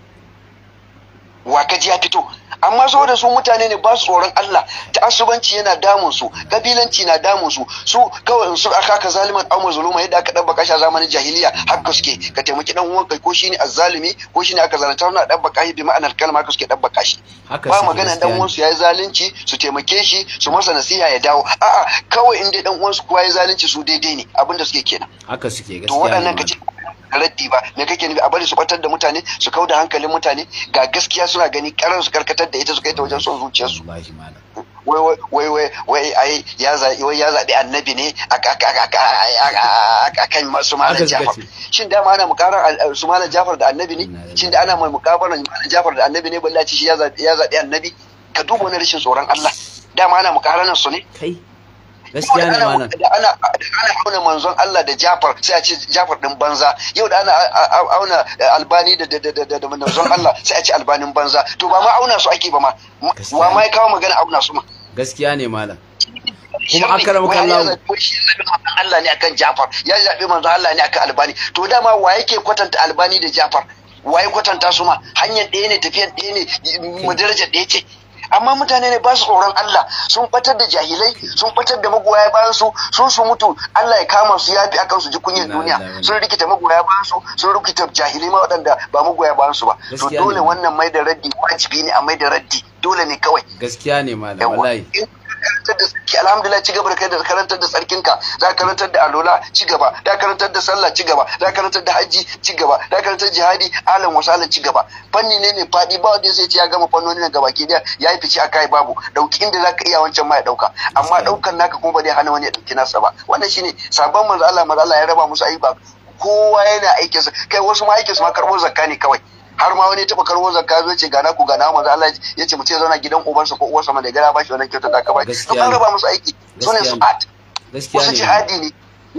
wa kaji ya fito amma zo da su mutane ne ba su tsoron Allah ta'assubanci yana damun su kabilanci na damun su su kawai in su aka ka zaliman au mazluma yadda aka dabba kasha zamanin jahiliya haka suke ka taimaki dan uwanka ko shine azzalimi ko shine aka zalunta wannan dabba kashi bi ma'anar kalma haka suke dabba kashi ba magana dan uwan su yayi zalunci su taimake shi su masa nasiha ya dawo a'a kawai in dai dan uwan su kuwa yayi zalunci su daidai ne abinda suke kenan haka suke gaskiya to waɗannan kace raddi ba me kake nufi a bari su batar da mutane su kauda hankalin mutane ga gaskiya suna gani karan su karkatar da ita su kai ta wajen son zuciyarsu wai wai wai wai ai ya zaɓi wai ya zaɓi annabi ne a kan su malam jafar shin da ma ana mukarar su malam jafar da annabi ne shin da ana mai mukabarar malam jafar da annabi ne balla ci shi ya zaɓi annabi ka duba wani rashin tsoron Allah da ma ana mukaranar su ne gaskiya ne malam da ana ana auna manzon Allah da Jafar sai a ce Jafar din banza yau da ana auna eh, Albani da da da manzon Allah sai a ce Albanin banza to ba ma auna su ake ba ma wa ma kawo magana auna su ma gaskiya ne malam kuma akara maka Allah Allah ne akan Jafar ya zabi manzon Allah ne akan Albani to dama wa yake kwatanta Albani da Jafar waye kwatanta su ma hanyar ɗaya ne tafiyar ɗaya ne madarajar ɗaya ce amma mutane ne ba su tsoron Allah sun batar da jahilai sun batar da magoya bayan su sun su mutu Allah ya kama su ya yafi akan su ji kunyar duniya sun rikita magoya bayan su sun rikita jahilai ma waɗanda ba magoya bayan su ba to dole wannan mai da raddi wajibi ne a mai da raddi dole ne kawai gaskiya ne malam wallahi karantar da alhamdulillah ci gaba da kai da karantar da ka za karantar da alola ci gaba da karantar da sallah ci gaba da karantar da haji ci gaba da karantar jihadi alan wasalan ci gaba fanni ne ne fadi ba wanda sai ce ya gama fannoni nan gabaki daya ya yi fice akai babu dauki inda zaka iya wancan ma ya dauka amma daukan naka kuma ba zai hana wani ya dauki nasa ba wannan shine sabon manzo Allah manzo Allah ya raba musu ba kowa yana aikinsa kai wasu ma aikinsu ma karɓar zakka kawai har ma wani taba karwo zakka zo ce gana ku gana manzo Allah ya ce mu ce zauna gidan ubansa ko uwarsa ma da gara ba shi wannan kyauta da ka ba shi sun raba musu aiki su ne su at wasu jihadi ne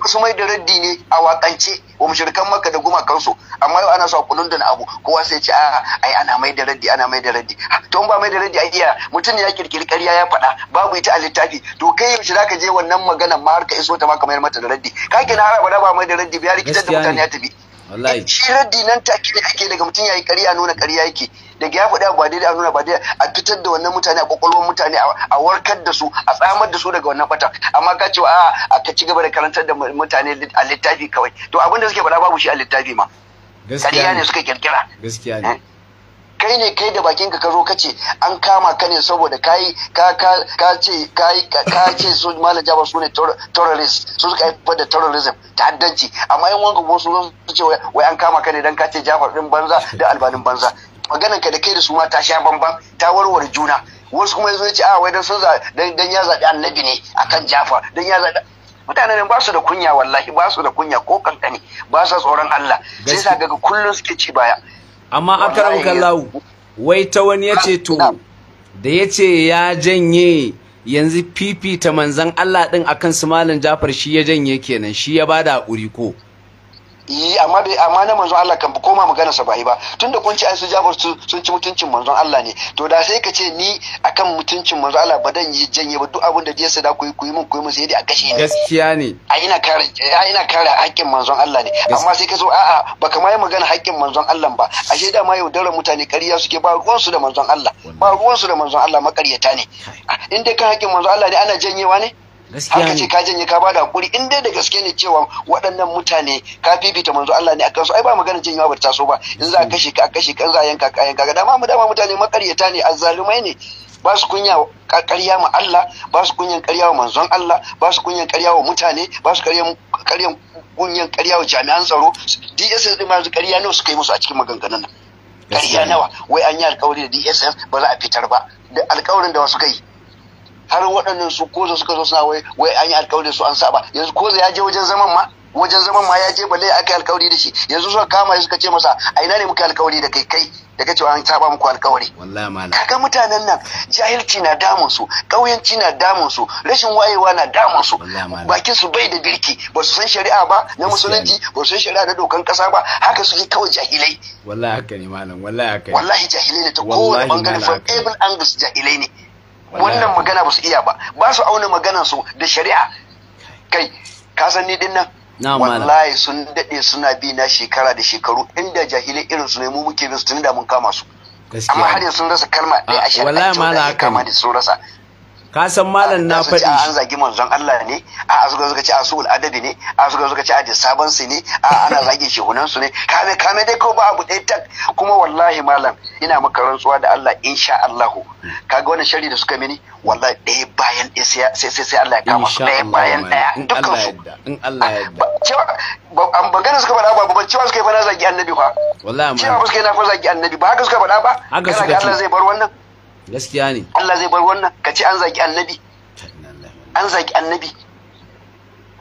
wasu mai da raddi ne a wakance wa mushrikan makka da gumakansu amma yau ana sa kulun da abu kowa sai ce a ai ana mai da raddi ana mai da raddi to ba mai da raddi a iya mutum ya kirkiri ƙarya ya faɗa babu ita a littafi to kai yaushe zaka je wannan magana ma har ka iso ta ma kamar mata da raddi Ka na haraba da ba mai da raddi biya rikitar da mutane ya tafi wallahi shi raddi nan take da ake daga mutum yayi a nuna ƙarya yake da ya faɗi ba daidai a nuna ba daidai a fitar da wannan mutane a kwakwalwar mutane a warkar da su a tsamar da su daga wannan fata amma ka ce a ka ci gaba da karantar da mutane a littafi kawai to abin da suke faɗa babu shi a littafi ma gaskiya ne suka kirkira gaskiya ne eh. kai ne kai da bakinka ka zo ka an kama ka ne saboda kai ka ka ka ce kai ka ce su malam jaba su ne terrorist su suka haifar da terrorism ta'addanci amma yan wanka ko su ce wai an kama ka ne dan ka ce jafar din banza da albanin banza maganar ka da kai da su ma ta sha bamban ta warware juna wasu kuma yanzu ce a ah, wai dan sun dan ya zaɓi annabi ne akan jafar dan ya zaɓi mutanen ba su da kunya wallahi ba su da kunya ko kankani ba su tsoron Allah sai sa ga kullun suke ci baya amma aka rauka lau wai ta wani ya ce to da ya ce ya janye yanzu fifita manzan Allah ɗin akan su malam Jafar shi ya janye kenan shi ya bada haƙuri ko amma bai amma na manzon Allah kan koma magana sa bai ba tunda kun ci ai su sun ci mutuncin manzon Allah ne to da sai ka ce ni akan mutuncin manzon Allah ba dan yi janye ba duk abin da ya sada ku yi ku yi ku yi mun sai dai a kashe ni gaskiya ne a ina kare a ina kare haƙƙin manzon Allah ne amma sai ka zo a'a ba kama yi magana haƙƙin manzon Allah ba ashe da ma dare mutane ƙarya suke ba ruwan su da manzon Allah ba ruwan su da manzon Allah makaryata ne in dai kan haƙƙin manzon Allah ne ana janyewa ne gaskiya ka ka janye ka bada hakuri in dai da gaske ne cewa waɗannan mutane ka fifita manzo Allah ne akan su ai ba magana jin ba ta so ba in za ka kashe ka kashe ka in za yanka ka yanka dama mu dama mutane makaryata ne azzalumai ne ba su kunya ƙarya ma Allah ba su kunyan ƙarya wa manzon Allah ba su kunyan ƙarya wa mutane ba su karyan karyan kunyan karya wa jami'an tsaro DSS din ma su karya nawa suka yi musu a cikin maganganun nan karya nawa wai an yi alƙawari da DSS ba za a fitar ba da alƙawarin da wasu kai har waɗannan su koza suka zo suna wai wai an yi alƙawarin su an saba yanzu koza ya je wajen zaman ma wajen zaman ma ya je balle aka kai alƙawari da shi yanzu suka kama shi suka ce masa a ina ne muka alƙawari da kai kai da kace an saba muku alƙawari wallahi kaga mutanen nan jahilci na damun su ƙauyanci na damun su rashin wayewa na damun su bakin su bai da birki ba su san shari'a ba na musulunci ba su san shari'a da dokan ƙasa ba haka suke kawai jahilai wallahi haka ne malam wallahi haka wallahi jahilai ne ta kowane bangare from every jahilai ne wannan magana ba su iya ba ba su auna maganan su da shari'a kai ka san ni dinnan wallahi sun dade suna bi na shekara da shekaru inda jahilai irin su ne mu muke bin su tunda mun kama su amma har yanzu sun rasa kalma ɗaya a ah, shari'a da kama da sun rasa ka san malam na faɗi an zagi manzon Allah ne a suka ci a su'ul adabi ne a suka ci a da saban su ne a ana zagi shehunan su ne kame kame dai ko ba abu ɗaya tak kuma wallahi malam ina maka rantsuwa da Allah insha Allah kaga wannan shari da suka mini wallahi ɗaya bayan ɗaya sai sai sai Allah ya kama su ɗaya bayan ɗaya dukkan su in Allah ya ah, yarda an bangana suka faɗa ba ba cewa suka yi fa na zagi annabi fa wallahi ma cewa suka yi na fa zagi annabi ba haka suka faɗa ba haka suka ce Allah zai bar wannan gaskiya ne Allah zai bar wannan ka ce an zaki annabi an zaki annabi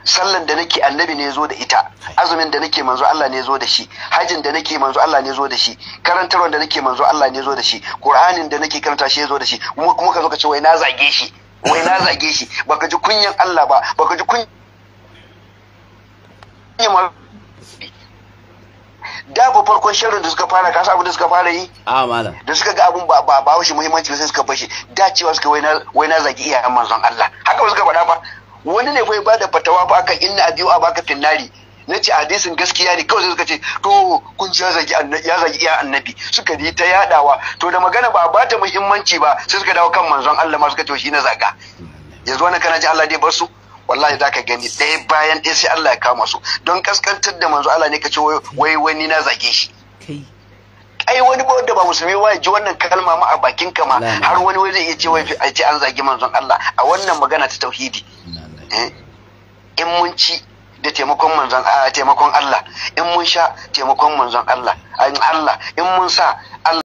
sallan da nake annabi ne zo da ita azumin da nake manzo Allah ne zo da shi hajin da nake manzo Allah ne zo da shi karantarwar da nake manzo Allah ne zo da shi qur'anin da nake karanta shi zo da shi kuma ka zo ka ce wai na zage shi wai na zage shi baka ji kunyan Allah ba baka ji kunyan da ba farkon sharrin da suka fara kasa abin da suka fara yi a malam da suka ga abun ba ba shi muhimmanci sai suka bashi da cewa suka waina waina zagi iyayen manzon Allah haka ba suka faɗa ba wani ne fa ba da fatawa ba akan inna abiyu a baka tinnari na ce hadisin gaskiya ne kawai suka ce to kun ci ya zagi iya annabi suka yi ta yadawa to da magana ba ba ta muhimmanci ba sai suka dawo kan manzon Allah ma suka ce shi na zaga yanzu wani kana ji Allah dai bar su wallahi za ka gani ɗaya bayan ɗaya sai Allah ya kama su don kaskantar da manzo Allah ne ka ce wai wani na zage shi ai wani ba wanda ba musulmi ya ji wannan kalma ma a bakin ka ma har wani wani zai iya ce wai a ce an zagi manzon Allah a wannan magana ta tauhidi eh. in mun ci da taimakon manzon taimakon Allah in mun sha taimakon manzon Allah Allah in mun sa Allah